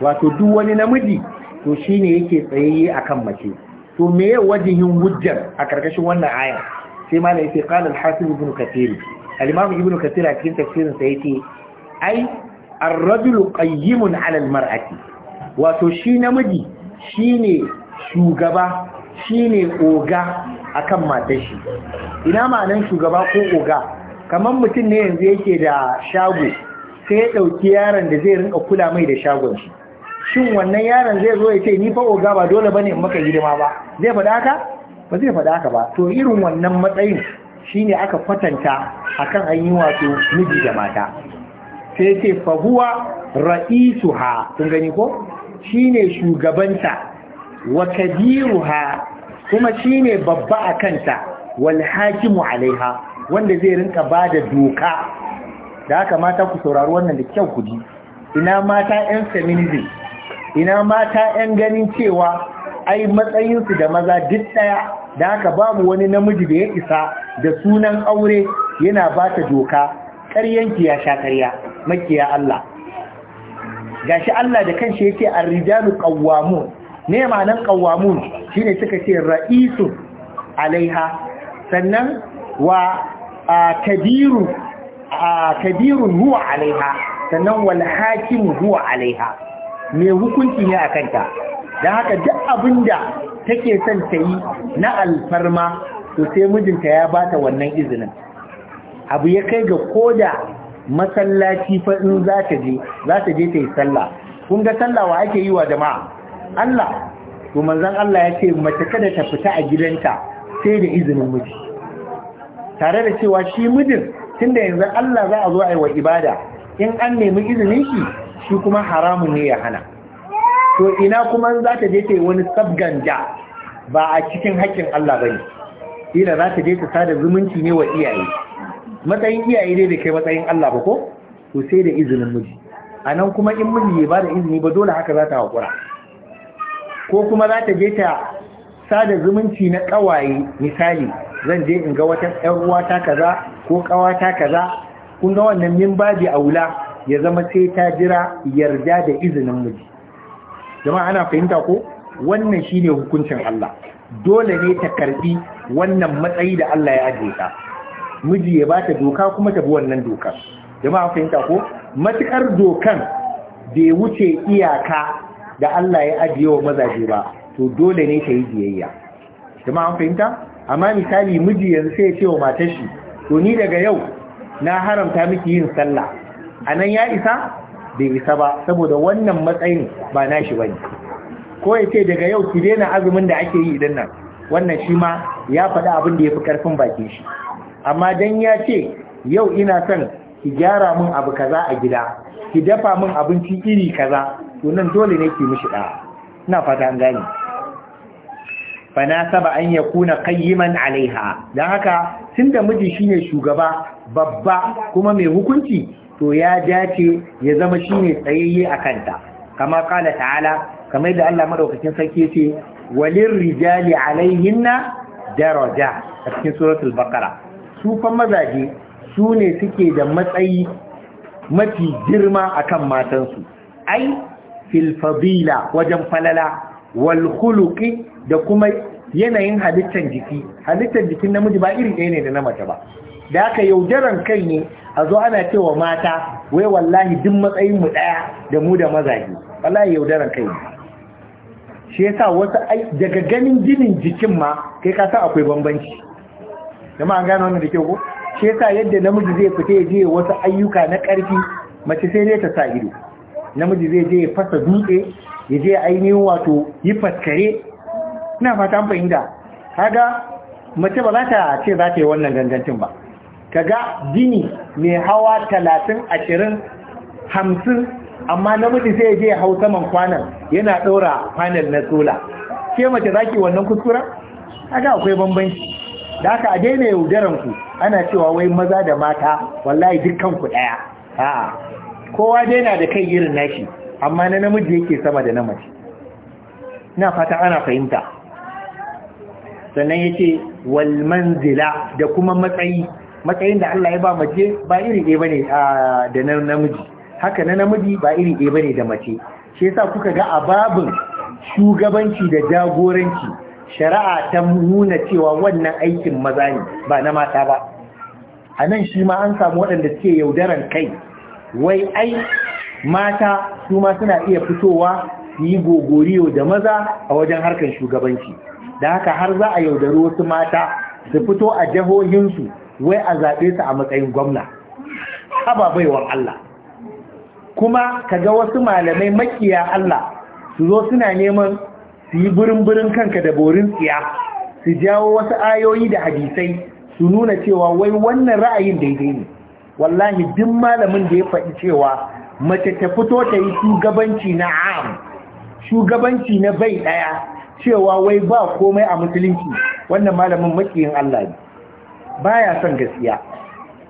wato duk wani namiji to shine yake tsayayye akan mace to wajen wajihin hujjar a karkashin wannan aya sai ma ne sai qala al-hafiz ibn kathir al-imam ibn kathir a cikin tafsirin sa yake ai ar-rajulu qayyimun 'ala wato shi namiji shine shugaba shine oga akan matar shi ina ma'anan shugaba ko oga kamar mutum ne yanzu yake da shago sai ya dauki yaron da zai rinka kula mai da shagon shi shin wannan yaron zai zo ya ce ni fa oga ba dole bane in maka hidima ba zai faɗa haka ba zai faɗa haka ba to irin wannan matsayin shine aka kwatanta akan an yi wato miji da mata sai ce fahuwa ha sun gani ko Shi ne shugabanta wa ha kuma shi ne babba a kanta wal hakimu alaiha wanda zai rinka da doka da haka mata ku saurari wannan da kyau kudi ina mata yan feminism ina mata yan ganin cewa ai matsayinsu da maza duk daya da haka babu wani namiji da ya isa da sunan aure yana ba ta doka ƙaryanki ya sha ƙarya makiya Allah gashi Allah da kanshi yake ar-rijalu qawwamun ne ma'anar qawwamun shine suka ce ra'isu alaiha sannan wa kabiru kabiru huwa alaiha sannan wal hakim huwa alaiha me hukunci ne a kanta? Da haka duk abinda take son ta yi na alfarma to mijinta ya bata wannan izinin abu ya kai ga koda masallaci fa in za ta je za ta je ta yi sallah kun ga sallah wa ake yi wa jama'a Allah to manzon Allah ya ce mace kada ta fita a gidanta sai da izinin miji tare da cewa shi mijin tunda yanzu Allah za a zo a yi wa ibada in an nemi izinin shi shi kuma haramun ne ya hana to ina kuma za ta je ta yi wani sabganja ba a cikin haƙƙin Allah bane kila za ta je ta sada zumunci ne wa iyaye matsayin iyaye dai da kai matsayin Allah ba ko to sai da izinin miji anan kuma in miji ya bada izini ba dole haka za ta haƙura ko kuma za ta je ta sada zumunci na ƙawaye misali zan je in ga wata ƴar uwata kaza ko ƙawata kaza kun ga wannan min babi aula ya zama sai ta jira yarda da izinin miji jama'a ana fahimta ko wannan shine hukuncin Allah dole ne ta karbi wannan matsayi da Allah ya ajiye ta miji ya bata doka kuma ta bi wannan doka jama'a fahimta ko matukar dokan bai wuce iyaka da Allah ya ajiye wa mazaje ba to dole ne ta yi biyayya jama'a fahimta amma misali miji yanzu sai ya ce wa matar shi to ni daga yau na haramta miki yin sallah anan ya isa bai isa ba saboda wannan matsayin ba nashi bane ko ya ce daga yau ki daina azumin da ake yi idan nan wannan shi ma ya faɗi abin da ya fi ƙarfin bakin shi amma dan ya ce yau ina son ki gyara min abu kaza a gida ki dafa min abinci iri kaza to nan dole ne ki mishi ina fata an gane saba an yakuna qayyiman alaiha dan haka tunda miji shine shugaba babba kuma mai hukunci to ya dace ya zama shine tsayayye akan ta kama kala ta'ala kama da Allah madaukakin sarki yace walir rijali alaihinna daraja a cikin suratul baqara su fa mazaje su ne suke da matsayi mafi girma akan matansu ai filfabila wajen falala walhuluki da kuma yanayin halittar jiki halittar jikin namiji ba iri ɗaya ne da na mace ba da aka yaudaran kai ne a zo ana cewa mata wai wallahi duk matsayin mu ɗaya da mu da mazaje wallahi yaudaran kai ne shi yasa wasu daga ganin ginin jikin ma kai ka san akwai bambanci da an gano wannan da ke ko shi yasa yadda namiji zai fita ya je wasu ayyuka na ƙarfi mace sai dai ta sa ido namiji zai je ya fasa dutse ya je ainihin wato yi faskare ina fata an fahimta kaga mace ba za ta ce za ta yi wannan gangancin ba kaga gini mai hawa talatin ashirin hamsin amma namiji sai ya je hau saman kwanan yana ɗora kwanan na sola ke mace za ki wannan kuskura kaga akwai bambanci da aka a daina yaudaran ku ana cewa wai maza da mata wallahi dukkan ku daya a'a kowa daina da kai irin nashi amma na namiji yake sama da na mace ina fata ana fahimta sannan yace wal manzila da kuma matsayi matsayin da Allah ya ba mace ba iri ɗaya bane da na namiji haka na namiji ba iri ɗaya bane da mace shi yasa kuka ga a babin shugabanci da jagoranci shari'a ta nuna cewa wannan aikin maza ne ba na mata ba a nan shi ma an samu waɗanda suke yaudaran kai wai ai mata su ma suna iya fitowa su yi gogoriyo da maza a wajen harkar shugabanci da haka har za a yaudari wasu mata su fito a jihohinsu wai a zaɓe su a matsayin gwamna ababaiwan Allah kuma kaga wasu malamai makiya Allah su zo suna neman su yi birin-birin kanka da borin tsiya su jawo wasu ayoyi da hadisai su nuna cewa wai wannan ra'ayin daidai ne wallahi duk malamin da ya faɗi cewa mace ta fito ta yi shugabanci na am shugabanci na bai ɗaya cewa wai ba komai a musulunci wannan malamin makiyin Allah ne Ba ya son gaskiya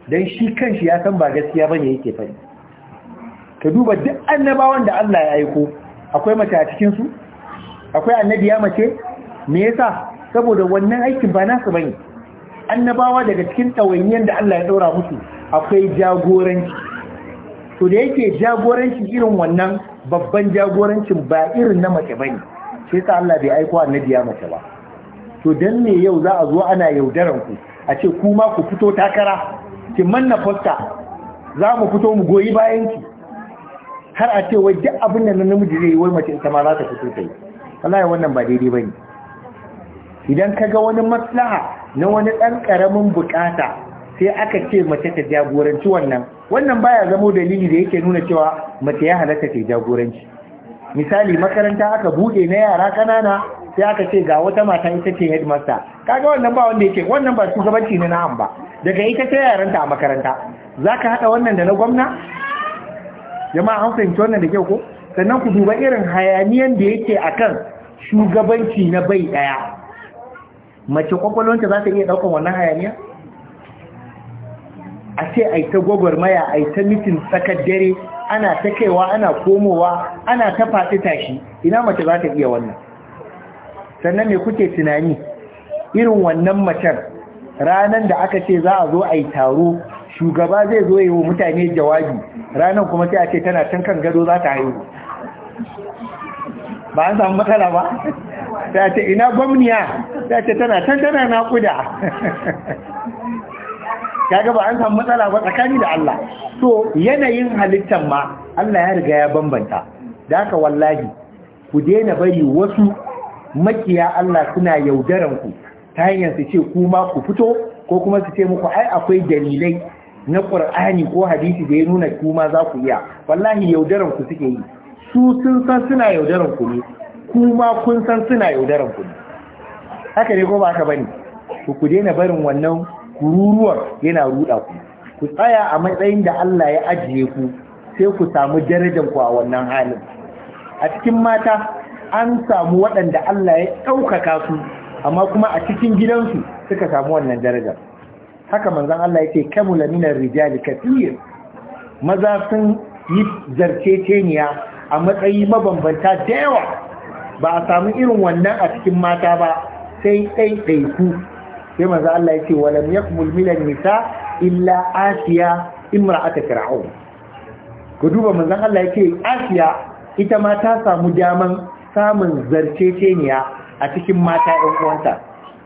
don shi kanshi ya san ba gaskiya ba ne yake faɗi ka duba duk annabawan da Allah ya aiko akwai mace a cikinsu? akwai annabi ya mace me yasa saboda wannan aikin ba nasu bane annabawa daga cikin ɗawainiyar da Allah ya ɗaura musu akwai jagoranci to da yake jagoranci irin wannan babban jagorancin ba irin na mace bane sai yasa Allah bai aiko annabi ya mace ba to dan me yau za a zo ana yaudaran ku a ce kuma ku fito takara ki manna fosta za mu fito mu goyi bayan ki har a ce wai duk abin da namiji zai yi wai mace ita ma za ta fito ta yi wallahi wannan ba daidai bane idan ka ga wani maslaha na wani ɗan ƙaramin bukata sai aka ce mace ta jagoranci wannan wannan baya zamo dalili da yake nuna cewa mace ya halatta ta jagoranci misali makaranta aka buɗe na yara ƙanana sai aka ce ga wata mata ita ce headmaster kaga wannan ba wanda yake wannan ba shugabanci ne na ba daga ita ce yaranta a makaranta zaka hada wannan da na gwamna jama'a an fahimci wannan da kyau ko sannan ku duba irin hayaniyan da yake akan shugabanci na bai daya mace kwakwalwanta za ta iya daukan wannan hayaniya a ce a ta gwagwarmaya a ta mitin tsakar dare ana ta kaiwa ana komowa ana ta fasi tashi ina mace za ta iya wannan sannan me kuke tunani irin wannan macen ranar da aka ce za a zo a yi taro shugaba zai zo yi wa mutane jawabi ranar kuma sai a ce tana can kan gado za ta haihu ba an samu matsala ba ta ce ina gwamniya ta ce tana can tana naƙuda kaga ba an samu matsala ba tsakani da Allah so yanayin halittar ma Allah ya riga ya bambanta da aka wallahi ku daina bari wasu makiya Allah suna yaudaranku ta hanyar su ce kuma ku fito ko kuma su ce muku ai akwai dalilai na qur'ani ko hadisi da ya nuna kuma za ku iya wallahi yaudaran ku suke yi su sun san suna yaudaran ku ne kuma kun san suna yaudaran ku ne haka ne ko ba haka bane ku ku daina barin wannan kururuwar yana ruda ku ku tsaya a matsayin da Allah ya ajiye ku sai ku samu darajar ku a wannan halin a cikin mata an samu waɗanda Allah ya ɗaukaka su amma kuma a cikin gidansu suka samu wannan darajar haka manzan Allah yake kamula minar rijali kafir maza sun yi zarceceniya a matsayi mabambanta da yawa ba a samu irin wannan a cikin mata ba sai ɗaiɗaiku sai manzo Allah yake walam yakmul milan nisa illa asiya imra'ata fir'aun ku duba manzan Allah yake asiya ita ma ta samu daman samun zarceceniya a cikin mata ɗan uwanta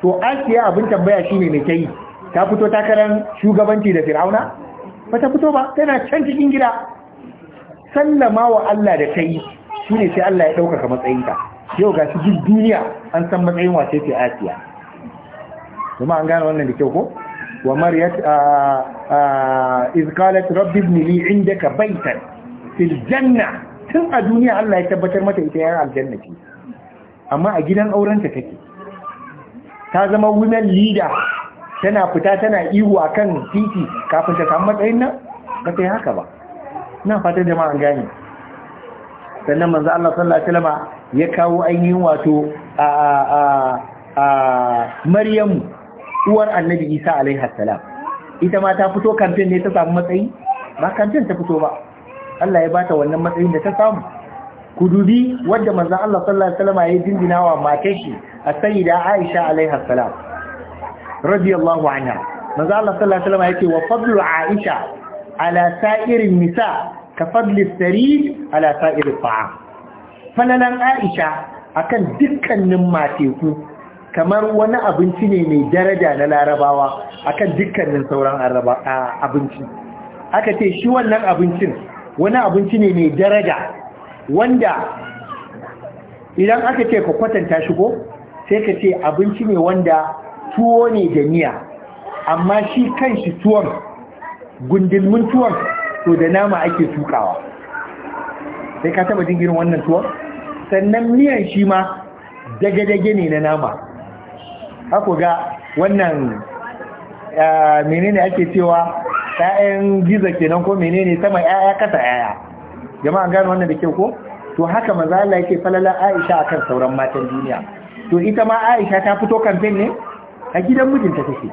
to asiya abin tambaya shine me ta ta fito takarar shugabanci da fir'auna ba ta fito ba tana can cikin gida sallama wa Allah da ta yi shi ne sai Allah ya ɗaukaka matsayinta yau ga su duk duniya an san matsayin wace ce asiya kuma an gane wannan da kyau ko wa maryat iz qalat rabbi ibn li indaka baytan fil janna tun a duniya Allah ya tabbatar mata ita yar aljanna ce amma a gidan aurenta take ta zama women leader tana fita tana ihu a kan titi kafin ta samu matsayin nan ba ta yi haka ba na fata jama'a gani sannan manzu Allah sallallahu alaihi wasallam ya kawo ainihin wato a a a Maryam uwar Annabi Isa alaihi salam ita ma ta fito kamfen ne ta samu matsayi ba kamfen ta fito ba Allah ya bata wannan matsayin da ta samu ku dubi wanda manzo Allah sallallahu alaihi wasallam ya dindinawa wa shi a sayyida Aisha alaihi salam radiyallahu anha manzo Allah sallallahu alaihi wasallam yake wa fadlu Aisha ala sa'irin nisa ka fadli sarid ala sa'irin ta'am falalan Aisha akan dukkanin mateku kamar wani abinci ne mai daraja na larabawa akan dukkanin sauran abinci aka ce shi wannan abincin wani abinci ne mai daraja wanda idan aka ce ka kwatanta shi ko sai ka ce abinci ne wanda tuwo ne da niya, amma shi kan shi tuwon gundulmin tuwon to da nama ake tukawa sai ka taba jin irin wannan tuwon sannan miyan shi ma dage-dage ne na nama haku ga wannan eh, menene ake cewa ‘ya'yan giza kenan ko menene sama ‘ya'ya kasa ‘ya'ya jama'a gano wannan da kyau ko to haka maza Allah yake falala Aisha akan sauran matan duniya to ita ma Aisha ta fito kamfen ne a gidan mijinta take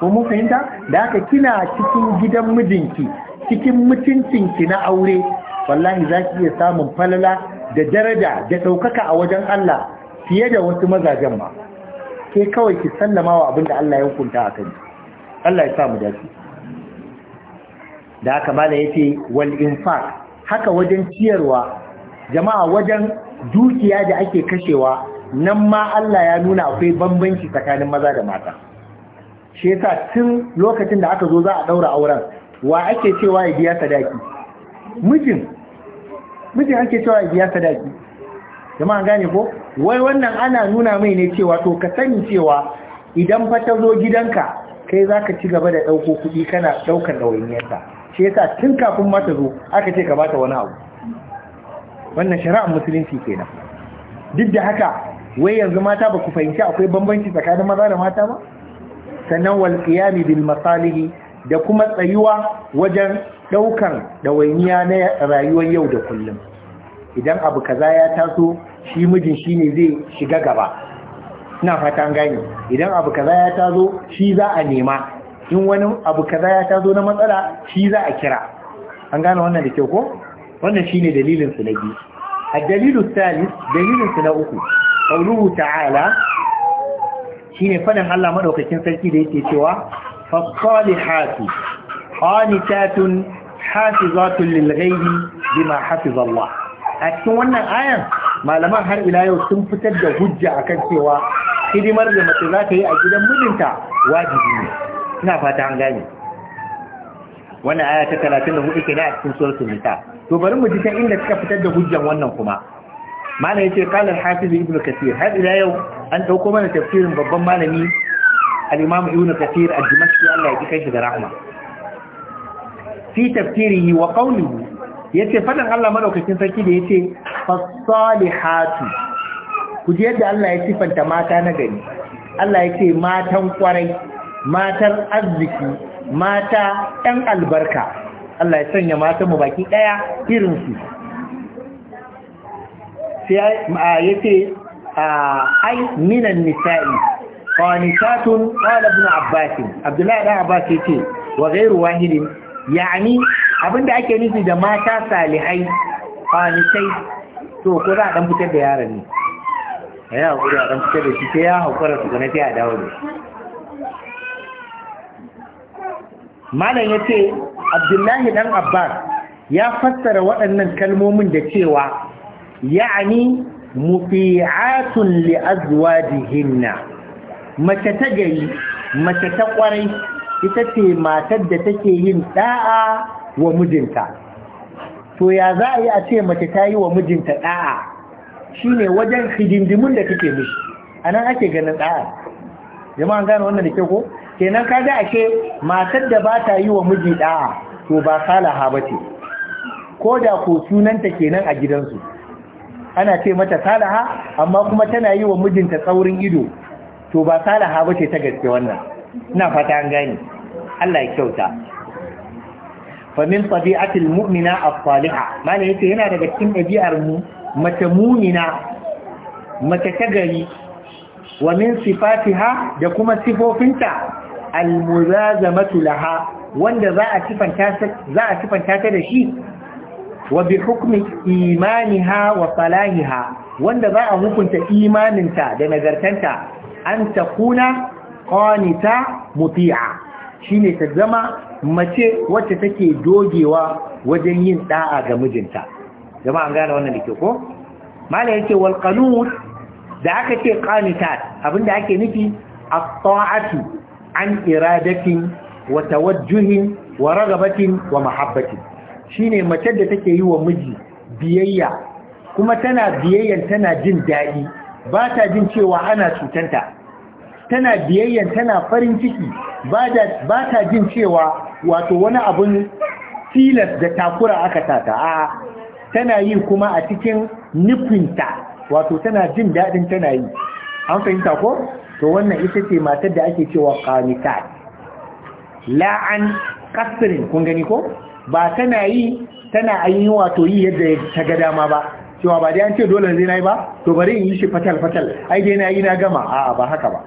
ko mun fahimta da haka kina cikin gidan mijinki cikin mutuncin ki na aure wallahi za ki iya samun falala da daraja da ɗaukaka a wajen Allah fiye da wasu mazajen ma ke kawai ki sallama wa abin da Allah ya hukunta a kanki Allah ya samu dace da haka mala yace wal infaq haka wajen ciyarwa jama'a wajen dukiya da ake kashewa nan ma Allah ya nuna akwai bambanci tsakanin maza da mata shi yasa tun lokacin da aka zo za a daura auren wa ake cewa ya biya sadaki mijin mijin ake cewa ya biya sadaki jama'a gane ko wai wannan ana nuna mai ne cewa to ka sani cewa idan fa ta zo gidanka kai zaka ci gaba da dauko kuɗi kana daukar dawainiyarta shi yasa tun kafin ma ta zo aka ce ka bata wani abu wannan shari'ar musulunci kenan duk da haka wai yanzu mata ba ku fahimci akwai bambanci tsakanin maza da mata ba sannan wal qiyami bil masalihi da kuma tsayuwa wajen daukan dawainiya na rayuwar yau da kullum idan abu kaza ya taso shi mijin shine zai shiga gaba ina fatan gani idan abu kaza ya taso shi za a nema in wani abu kaza ya taso na matsala shi za a kira an gane wannan da kyau ko wannan shine dalilin su na biyu a dalilu salis dalilin su na uku qawluhu ta'ala shine fadin Allah maɗaukakin sarki da yake cewa fasalihati qanitatun hafizatun lil ghaibi bima hafiza Allah a cikin wannan ayan malaman har ila yau sun fitar da hujja kan cewa hidimar da mace za ta yi a gidan mijinta wajibi ne Suna fata an gane wannan aya ta 34 kenan a cikin suratul nisa to bari mu ji ta inda suka fitar da hujjan wannan kuma mana yace qala al-hafiz ibn kathir har ila yau an dauko mana tafsirin babban malami al-imam ibn kathir al dimashqi Allah ya ji kai shi da rahma fi tafsirihi wa qawlihi yace fadan Allah madaukakin sarki da yace fas-salihatu ku ji yadda Allah ya sifanta mata na gari Allah yace matan kwarai matan arziki mata ɗan albarka Allah ya sanya matan mu baki ɗaya irin su ya ce ai minan nisa'i qanitatun qala ibn abbas abdullahi dan abbas ce, wa ghayru wahidin yani abinda ake nufi da mata salihai qanitai to ko za dan fitar da yaran ne ya hakuri a dan fitar da shi sai ya hakura su gane sai a dawo da malam ce abdullahi dan abbas ya fassara waɗannan kalmomin da cewa ya'ani mufi'atun li azwajihinna mace ta gari mace ta kwarai ita ce matar da take yin da'a wa mijinta to ya za a yi a ce mace ta yi wa mijinta da'a shine wajen hidindimun da take mishi anan ake ganin da'a jama'an gane wannan da ke ko kenan kaga ake matar da ba ta yi wa miji da'a to ba salaha ce. ko da ko sunanta kenan a gidansu ana ce mata salaha amma kuma tana yi wa mijinta tsaurin ido to ba salaha ba ce ta gaske wannan ina fata an gane Allah ya kyauta fa min tabi'atil mu'mina as-salihah mana yace yana daga cikin dabi'ar mu mace mu'mina mace ta gari wa min sifatiha da kuma sifofinta almuzazamatu laha wanda za a sifanta za a sifanta ta da shi wa bi hukmi imaniha wa salahiha wanda za a hukunta imaninta da nagartanta an takuna qanita muti'a shine ta zama mace wacce take dogewa wajen yin da'a ga mijinta jama'a an gane wannan ke ko mala yake wal da aka ce abin abinda ake nufi a taatu an iradatin wa tawajjuhin wa ragabatin wa mahabbatin shine mace da take yi wa miji biyayya kuma tana biyayyan tana jin daɗi ba ta jin cewa ana cutanta tana biyayyan tana farin ciki ba ta jin cewa wato wani abin tilas da takura aka tata a tana yi kuma a cikin nufinta wato tana jin daɗin tana yi an fahimta ko to wannan ita ce matar da ake cewa ta. la'an kasirin kun gani ko ba tana yi tana ainihin wato yi yadda ta ga dama ba cewa ba dai an ce dole zai na yi ba to bari in yi shi fatal fatal ai dai na yi na gama a'a ba haka ba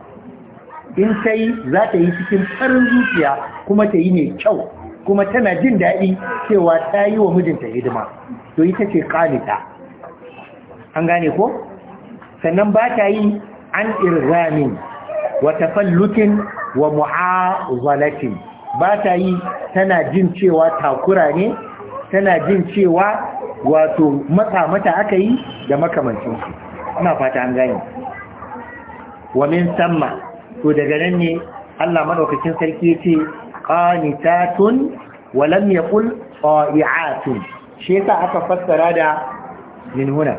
in ta yi za ta yi cikin farin zuciya kuma ta yi mai kyau kuma tana jin daɗi cewa ta yi wa mijinta hidima to ita ce kanita an gane ko sannan ba ta yi an irzamin wa tafallukin wa mu'azalatin ba ta yi tana jin cewa takura ne tana jin cewa wato matsa mata aka yi da makamancinsu ina fata an gane wa min samma to daga nan ne Allah madaukakin sarki yace qanitatun wa lam yaqul qa'iatun shi yasa aka fassara da min huna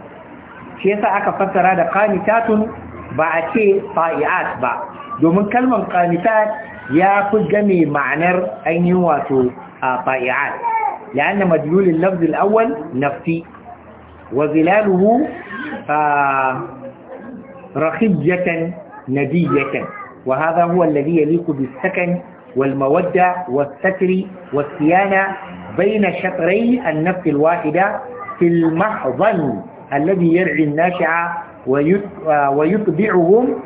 shi yasa aka fassara da qanitatun ba a ce qa'iat ba domin kalmar qanitat يا fi game ma'anar أين هو طائعات لأن مدلول اللفظ الأول نفسي وظلاله wa zilaluhu آه، رخية ندية وهذا هو الذي يليق بالسكن والمودة والستر والسيانة بين شطري النفس الواحدة في المحضن الذي يرعي الناشعة ويتبعهم آه،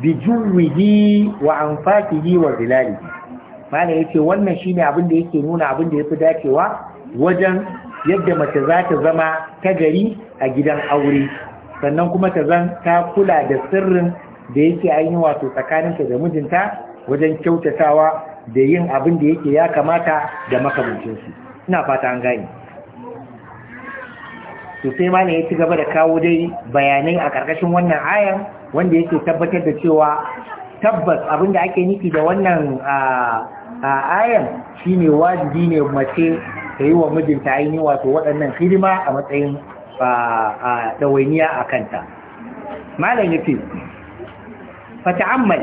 bijuwihi wa anfatihi wa zilalihi mana yace wannan shine abin da yake nuna abin da yafi dacewa wajen yadda mace za ta zama ta gari a gidan aure sannan kuma ta zan ta kula da sirrin da yake ainihin wato tsakaninta da mijinta wajen kyautatawa da yin abin da yake ya kamata da makamancinsu ina fata an gane to sai ma ya ci gaba da kawo dai bayanai a ƙarƙashin wannan ayan wanda yake tabbatar da cewa tabbas abin da ake niki da wannan ayan shine wajibi ne mace ta yi wa mijinta aini wato waɗannan hidima a matsayin ɗawainiya a kanta malam ya ce fata'ammal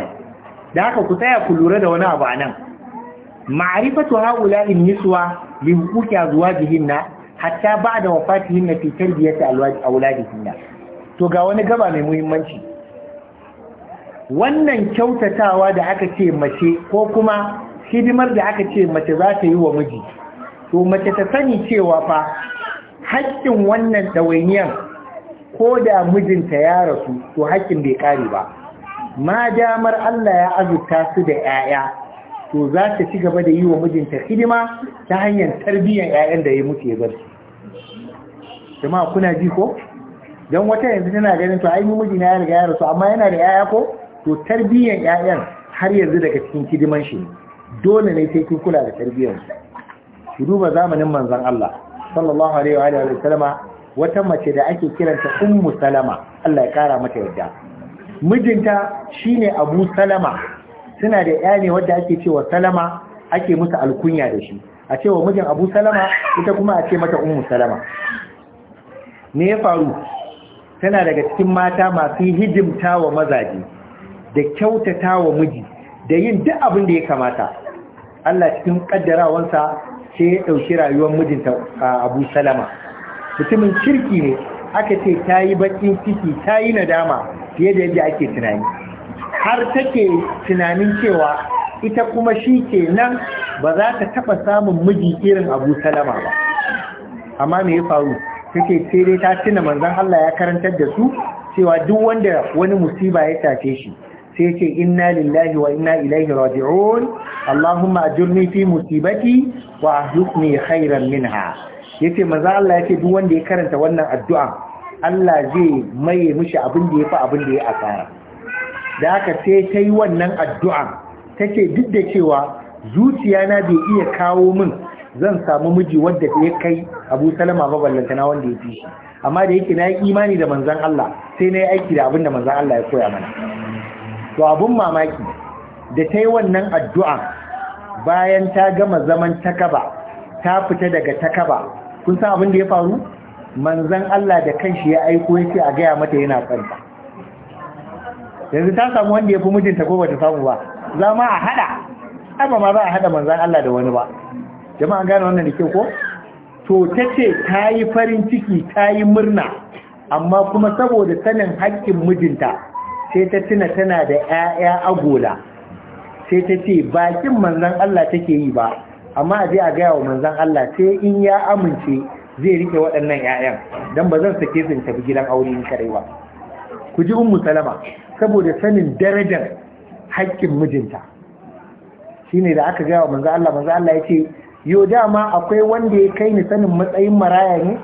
da haka ku tsaya ku lura da wani abu a nan ma'arifatu haula'in niswa li zuwa azwajihinna hatta ba da ba'da wafatihinna fi tarbiyati awladihinna to ga wani gaba mai muhimmanci wannan kyautatawa da aka ce mace ko kuma hidimar da aka ce mace za ta yi wa miji to mace ta sani cewa fa haƙƙin wannan ɗawainiyar ko da mijinta ya rasu to haƙƙin bai ƙare ba ma damar Allah ya azurta su da 'ya'ya to za ta ci gaba da yi wa mijinta hidima ta hanyar tarbiyyar 'ya'yan da ya mutu ya bar jama'a kuna ji ko don wata yanzu tana ganin to ai mijina ya riga ya rasu amma yana da 'ya'ya ko to tarbiyyar 'ya'yan har yanzu daga cikin kidiman shi dole ne sai kin kula da tarbiyyar su ku duba zamanin manzon Allah sallallahu alaihi wa wata mace da ake kiranta ummu salama Allah ya kara mata yadda mijinta shine abu salama suna da ƴa ne wanda ake cewa salama ake musu alkunya da shi a cewa mijin abu salama ita kuma a ce mata ummu salama me ya faru tana daga cikin mata masu hidimta wa mazaje da kyautata wa miji da yin duk abin da ya kamata Allah cikin kaddarawansa sai ya ɗauki rayuwar mijinta Abu Salama mutumin kirki ne aka ce ta yi bakin ciki ta yi nadama fiye da yadda ake tunani har take tunanin cewa ita kuma shi ke nan ba za ta taɓa samun miji irin Abu Salama ba amma me ya faru take sai dai ta tuna manzon Allah ya karantar da su cewa duk wanda wani musiba ya tace shi sai ce inna lillahi wa inna ilaihi raji'un Allahumma ajurni fi musibati wa ahlukni khairan minha yace manzo Allah yace duk wanda ya karanta wannan addu'a Allah zai maye mishi abin da yafi abin da ya asara da haka sai ta wannan addu'a tace duk da cewa zuciya na bai iya kawo min zan samu miji wanda ya kai Abu Salama maballanta na wanda ya fi amma da yake na yi imani da manzon Allah sai na yi aiki da abin da manzon Allah ya koya mana to abun mamaki da ta yi wannan addu'a bayan ta gama zaman takaba ta fita daga takaba kun san abin da ya faru manzan Allah da kanshi ya aiko ya ce a gaya mata yana tsanta yanzu ta samu wanda ya fi mijinta ko bata samu ba za ma a haɗa amma ma za a haɗa manzan Allah da wani ba jama'a gane wannan da ke ko to ta ce ta yi farin ciki ta yi murna amma kuma saboda sanin haƙƙin mijinta sai ta tuna tana da 'ya'ya agola sai ta ce bakin manzan Allah take yi ba amma a je a gaya wa manzan Allah sai in ya amince zai rike waɗannan 'ya'yan don ba zan sake su tafi gidan aure in karewa. ku ji ummu salama saboda sanin darajar haƙƙin mijinta shine da aka gaya wa manzan Allah manzan Allah ya ce yo dama akwai wanda ya kai ni sanin matsayin maraya ne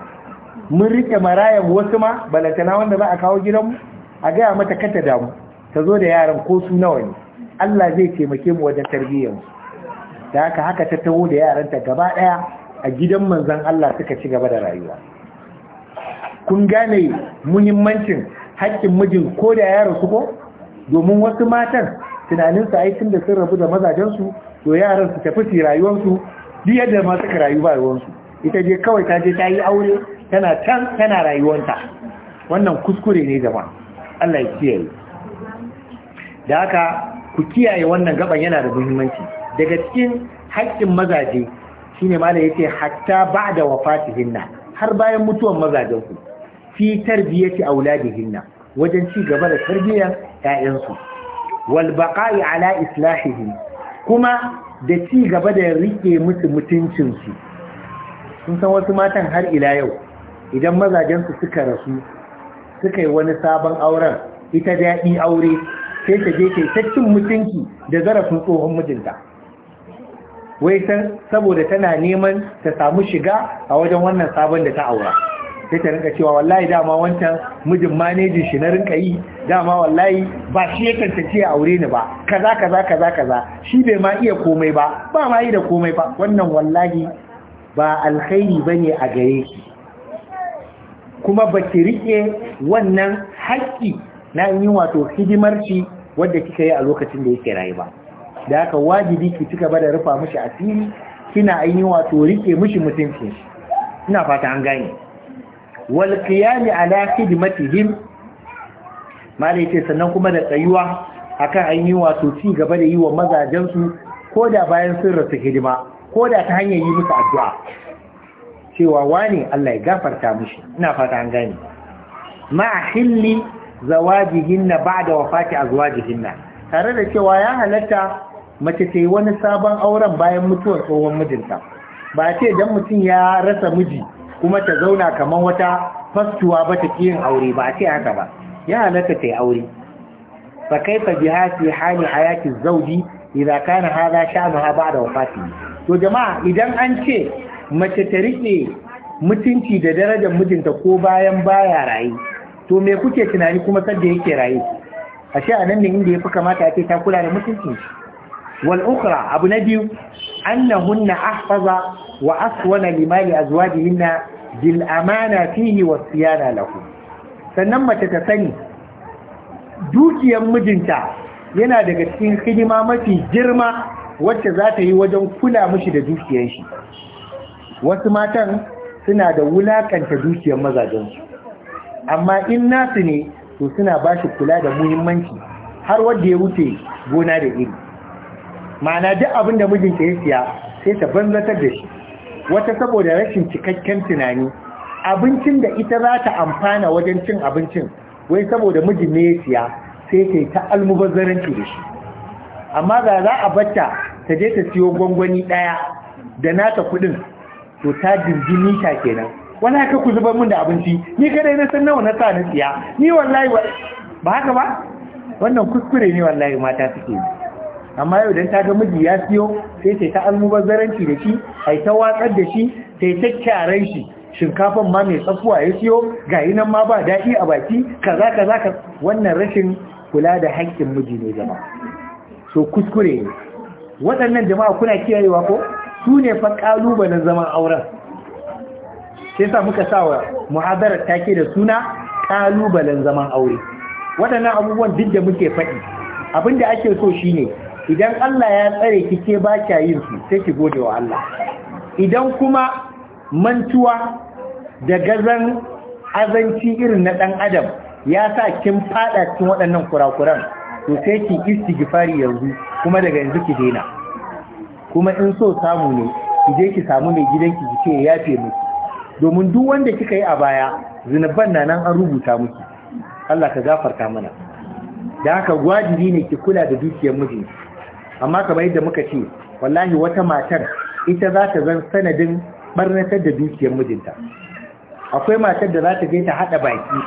mun rike marayan wasu ma balantana wanda za a kawo gidanmu a gaya mata kata damu ta zo da yaran ko su nawa ne Allah zai taimake mu wajen tarbiyyar mu da haka haka ta taho da yaranta gaba daya a gidan manzon Allah suka ci gaba da rayuwa kun gane muhimmancin haƙƙin mijin ko da yaro su ko domin wasu matan tunanin su ai tun da sun rabu da mazajen su to yaran su tafi su rayuwar su duk yadda ma suka rayu ba ruwan su ita je kawai ta je ta yi aure tana can tana rayuwanta wannan kuskure ne jama'a Allah ya kiyaye da haka ku kiyaye wannan gaban yana da muhimmanci daga cikin haƙƙin mazaje shine malai yace hatta ba'da wafatihinna har bayan mutuwan mazajen ku fi tarbiyati auladihinna wajen ci gaba da tarbiyyar ƴaƴansu wal baqa'i ala islahihim kuma da ci gaba da rike musu mutuncinsu sun san wasu matan har ila yau idan mazajensu suka rasu suka yi wani sabon auren ita daɗi aure sai ta je ke ta cin mutunci da zarafin tsohon mijinta wai san saboda tana neman ta samu shiga a wajen wannan sabon da ta aura sai ta rinka cewa wallahi dama wancan mijin manejin shi na rinka yi dama wallahi ba shi ya tantance a aure ni ba kaza kaza kaza kaza shi bai ma iya komai ba ba ma yi da komai ba wannan wallahi ba alkhairi bane a gare shi kuma ba ki riƙe wannan haƙƙi na yin wato hidimar shi wadda kika yi a lokacin da yake rayu ba da haka wajibi ki cika ba da rufa mishi asiri kina ainihin wato riƙe mishi mutunci ina fata an gane wal qiyami ala khidmatihim malai ce sannan kuma da tsayuwa akan ainihin wato ci gaba da yi wa mazajensu ko da bayan sun rasa hidima ko da ta hanyar yi musu addu'a cewa wane Allah ya gafarta mishi ina fata an gane ma hilli zawajihinna ba'da wafati na tare da cewa ya halatta mace ta yi wani sabon auren bayan mutuwar tsohon mijinta ba a ce dan mutum ya rasa miji kuma ta zauna kamar wata fastuwa ba ta yin aure ba ce haka ba ya halatta ta yi aure fa kaifa biha fi hali hayati zawji idan kana hadha sha'nuha ba'da wafati to jama'a idan an ce mace ta riƙe mutunci da darajar mijinta ko bayan baya raye to me kuke tunani kuma sadda yake raye ashe a nan ne inda ya kamata a ce ta kula da mutuncin shi wal ukhra abu na biyu annahunna ahfaza wa aswana limali azwajihinna bil amana fihi wa siyana lahu sannan mace ta sani dukiyar mijinta yana daga cikin hidima mafi girma wacce za ta yi wajen kula mishi da dukiyar shi wasu matan suna da wulakanta dukiyar mazajensu amma in nasu ne to suna ba shi kula da muhimmanci har wanda ya wuce gona da iri ma'ana duk abin da mijinta ya siya sai ta banzatar da shi wata saboda rashin cikakken tunani abincin da ita za ta amfana wajen cin abincin wai saboda mijin ne ya siya sai ta yi ta almubazzaranci da shi amma ga za a batta ta je ta siyo gwangwani ɗaya da nata kuɗin to ta jinjini ta kenan wala ka ku zubar mun da abinci ni kadai na san nawa na sa na siya ni wallahi ba haka ba wannan kuskure ne wallahi mata suke amma yau dan ta ga miji ya siyo sai sai ta almubazzaranci da shi ai ta watsar da shi sai ta kyaran shi shinkafan ma mai tsafuwa ya siyo ga nan ma ba daɗi a baki kaza kaza ka wannan rashin kula da haƙƙin miji ne jama'a so kuskure ne waɗannan jama'a kuna kiyayewa ko su ne fa kalubalen zaman auren sai sa muka sawa muhadarar take da suna kalubalen zaman aure waɗannan abubuwan duk da muke faɗi da ake so shine idan Allah ya tsare ki ke ba kya yin su sai ki gode wa Allah idan kuma mantuwa da gazan azanci irin na ɗan adam ya sa kin fada cikin waɗannan kurakuran to sai ki istighfari yanzu kuma daga yanzu ki daina kuma in so samu ne ki je ki samu mai gidanki ki ce ya yafe miki domin duk wanda kika yi a baya zinuban na nan an rubuta miki Allah ka gafarta mana da haka gwajiri ne ki kula da dukiyar miji amma kamar yadda muka ce wallahi wata matar ita za ta zan sanadin barnatar da dukiyar mijinta akwai matar da za ta je ta hada baki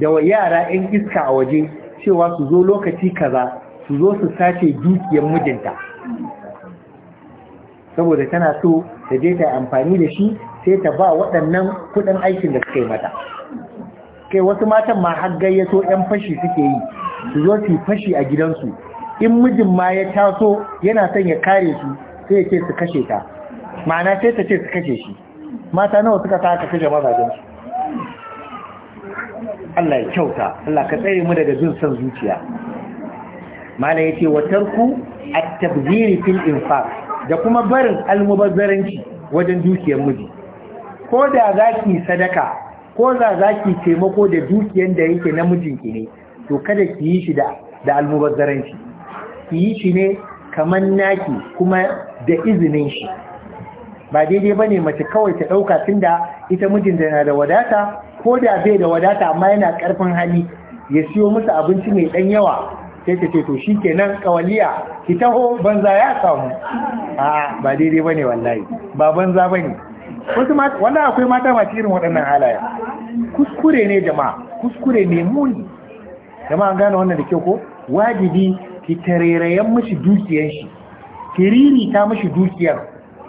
da yara 'yan iska a waje cewa su zo lokaci kaza su zo su sace dukiyar mijinta saboda tana so ta je ta amfani da shi sai ta ba waɗannan kuɗin aikin da suka yi mata kai wasu matan ma har gayyato 'yan fashi suke yi su zo su fashi a gidansu in mijin ma ya taso yana son ya kare su sai ya ce su kashe ta ma'ana sai ta ce su kashe shi mata nawa suka sa aka kashe mazajen su Allah ya kyauta Allah ka tsare mu daga jin son zuciya mala yace wa tarku at-tabdhir fil infaq da kuma barin almubazzaranci wajen dukiyar miji ko da za ki sadaka ko da za ki taimako da dukiyar da yake na mijinki ne to kada ki yi shi da da almubazzaranci ki yi shi ne kamar naki kuma da izinin shi ba daidai ba ne mace kawai ta ɗauka tun da ita mijinta na da wadata ko da bai da wadata amma yana ƙarfin hali ya siyo musu abinci mai ɗan yawa sai ka ce to shi kenan kawaliya ki taho banza ya samu a ba daidai ba ne wallahi ba banza ba ne wanda akwai mata masu irin waɗannan halaya kuskure ne jama'a kuskure ne muni jama'a gane wannan da kyau ko wajibi ki tarerayen mashi dukiyar shi ki ta mashi dukiyar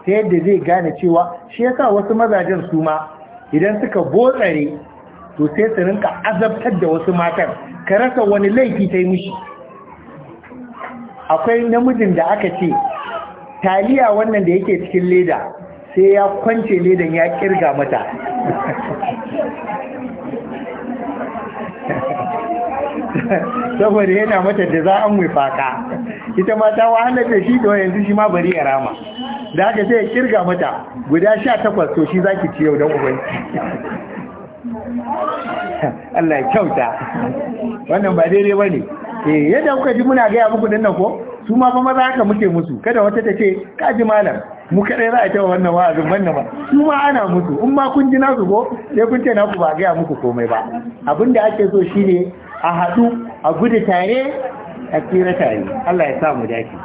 ta yadda zai gane cewa shi ya sa wasu mazajen su ma idan suka botsare to sai su rinka azabtar da wasu matan ka rasa wani laifi ta yi mishi akwai namijin da aka ce taliya wannan da yake cikin leda sai ya kwance ledan ya kirga mata saboda yana mata da za an mai faka ita mata wahalar da shi da yanzu shi ma bari ya rama da aka sai ya kirga mata guda sha takwas to shi za ki ci yau don ubai Allah ya kyauta wannan ba daidai ba ne eh yadda kuka ji muna gaya muku dinnan ko su ma fa maza haka muke musu kada wata ta ce ka ji malam mu kadai za a ta wannan wa'azin banna ba su ma ana musu in ma kun ji nasu ko sai kun ce na ku ba gaya muku komai ba abin da ake so shine a haɗu a gudu tare a tsira tare Allah ya sa mu dace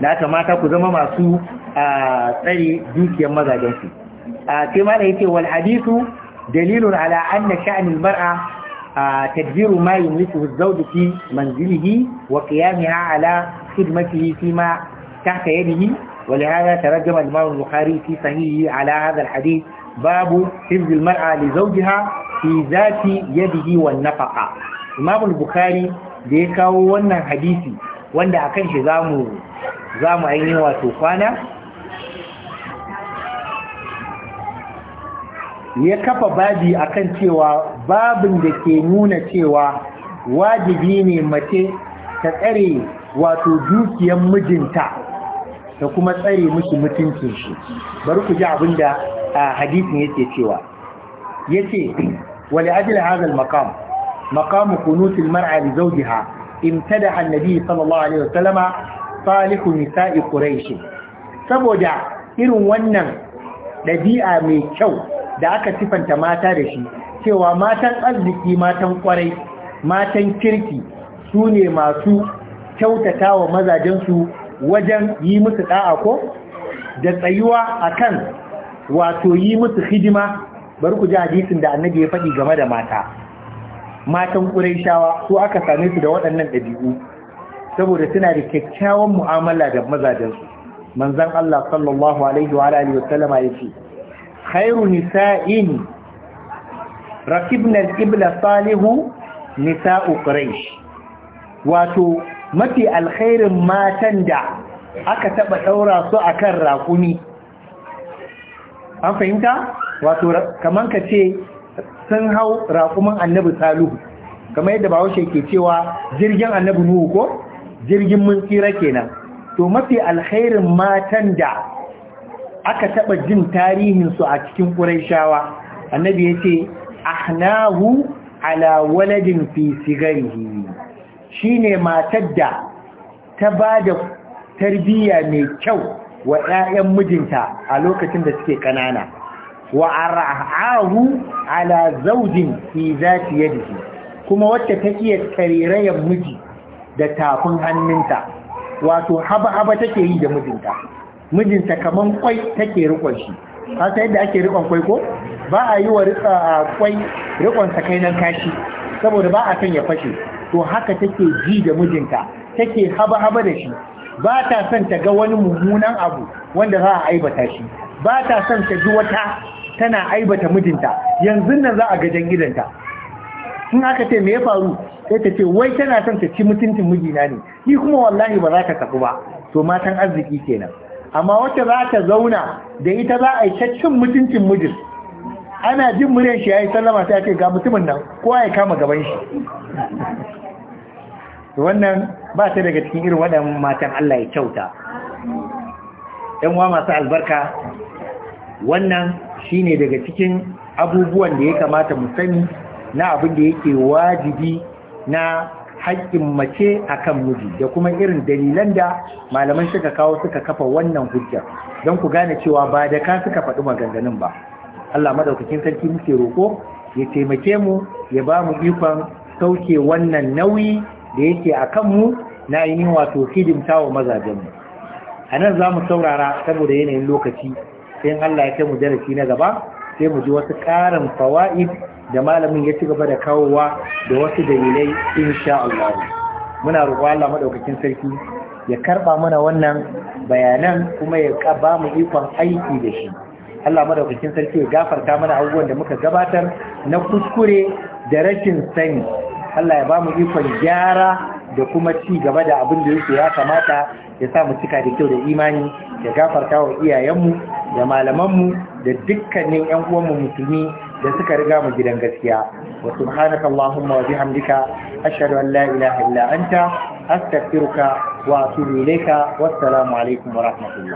na kamata ku zama masu a tsare dukiyar mazajen su a sai ma da yake wal hadithu dalilun ala anna sha'nil mar'a تدبير ما يملكه الزوج في منزله وقيامها على خدمته فيما تحت يده ولهذا ترجم الإمام البخاري في صحيحه على هذا الحديث باب حفظ المرأة لزوجها في ذات يده والنفقة إمام البخاري da ya kawo wannan hadisi wanda akan shi zamu zamu ainihin wato kwana ya kafa babi akan cewa babin da ke nuna cewa wajibi ne mace ta tsare wato dukiyar mijinta ta kuma tsare musu mutuncin shi bari ku ji abin da hadisin yake cewa yace wali ajil hadha maqam maqam qunut al mar'a li zawjiha imtada an nabi sallallahu alaihi salihu nisa'i quraish saboda irin wannan dabi'a mai kyau da aka sifanta mata da shi cewa matan arziki matan kwarai matan kirki su ne masu kyautata wa mazajensu wajen yi musu ɗa'a ko da tsayuwa a kan wato yi musu hidima bari ku ji hadisin da annabi ya faɗi game da mata matan ƙurai shawa su aka same su da waɗannan ɗabi'u saboda suna da kyakkyawan mu'amala da mazajensu manzon Allah sallallahu alaihi wa alihi wa sallama ce. khairu nisa'in rakibna al salihu nisa'u quraish wato mafi alkhairin matan da aka taɓa ɗaura su akan rakumi an fahimta wato kaman ka ce sun hau rakumin annabi salihu kamar yadda bahaushe ke cewa jirgin annabi nuhu ko jirgin mun tsira kenan to mafi alkhairin matan da aka taɓa jin tarihinsu a cikin ƙuraishawa annabi ya ce ahnahu ala waladin fi sigarihi shi ne matar da ta ba da tarbiyya mai kyau wa 'ya'yan mijinta a lokacin da suke ƙanana wa arahu ala zaujin fi zati yadihi kuma wacce ta iya karirayen miji da tafin hannunta wato haba-haba take yi da mijinta mijinta kaman kwai take rikon shi ka yadda ake rikon kwai ko ba a yi wa kwai rikon sa kai nan kashi saboda ba a san ya fashe to haka take ji da mijinta take haba haba da shi ba ta son ta ga wani mummunan abu wanda za a aibata shi ba ta son ta ji wata tana aibata mijinta yanzu nan za a gajen gidanta in aka ce me ya faru sai ta ce wai tana son ta ci mutuncin mijina ne ni kuma wallahi ba za ta tafi ba to matan arziki kenan amma wacce za ta zauna da ita za a yi caccin mutuncin mijin ana jin muryar shi ya yi sallama ta ce ga mutumin nan kowa ya kama gaban shi wannan ba ta daga cikin irin waɗannan matan Allah ya kyauta ɗan wa masu albarka wannan shine daga cikin abubuwan da ya kamata mu sani na abin da yake wajibi na haƙƙin mace a kan miji da kuma irin dalilan da malaman suka kawo suka kafa wannan hujjar don ku gane cewa ba da ka suka faɗi maganganun ba Allah madaukakin sarki muke roƙo ya taimake mu ya ba mu ikon sauke wannan nauyi da yake a kanmu na ainihin wato hidimta wa mazajenmu a nan za mu saurara saboda yanayin lokaci sai Allah ya kai mu darasi na gaba sai mu ji wasu ƙarin fawa'id da malamin ya ci gaba da kawowa da wasu dalilai insha Allah muna roƙo Allah madaukakin sarki ya karba mana wannan bayanan kuma ya ba mu ikon aiki da shi Allah madaukakin sarki ya gafarta mana abubuwan da muka gabatar na kuskure da rashin sani Allah ya ba mu ikon gyara da kuma ci gaba da abin da yake ya kamata ya sa mu cika da kyau da imani ya gafarta wa iyayenmu da malamanmu da dukkanin yan uwanmu musulmi da suka riga mu gidan gaskiya wa subhanaka allahumma wa bihamdika ashhadu an la ilaha illa anta astaghfiruka wa atubu ilayka wassalamu alaikum wa rahmatullah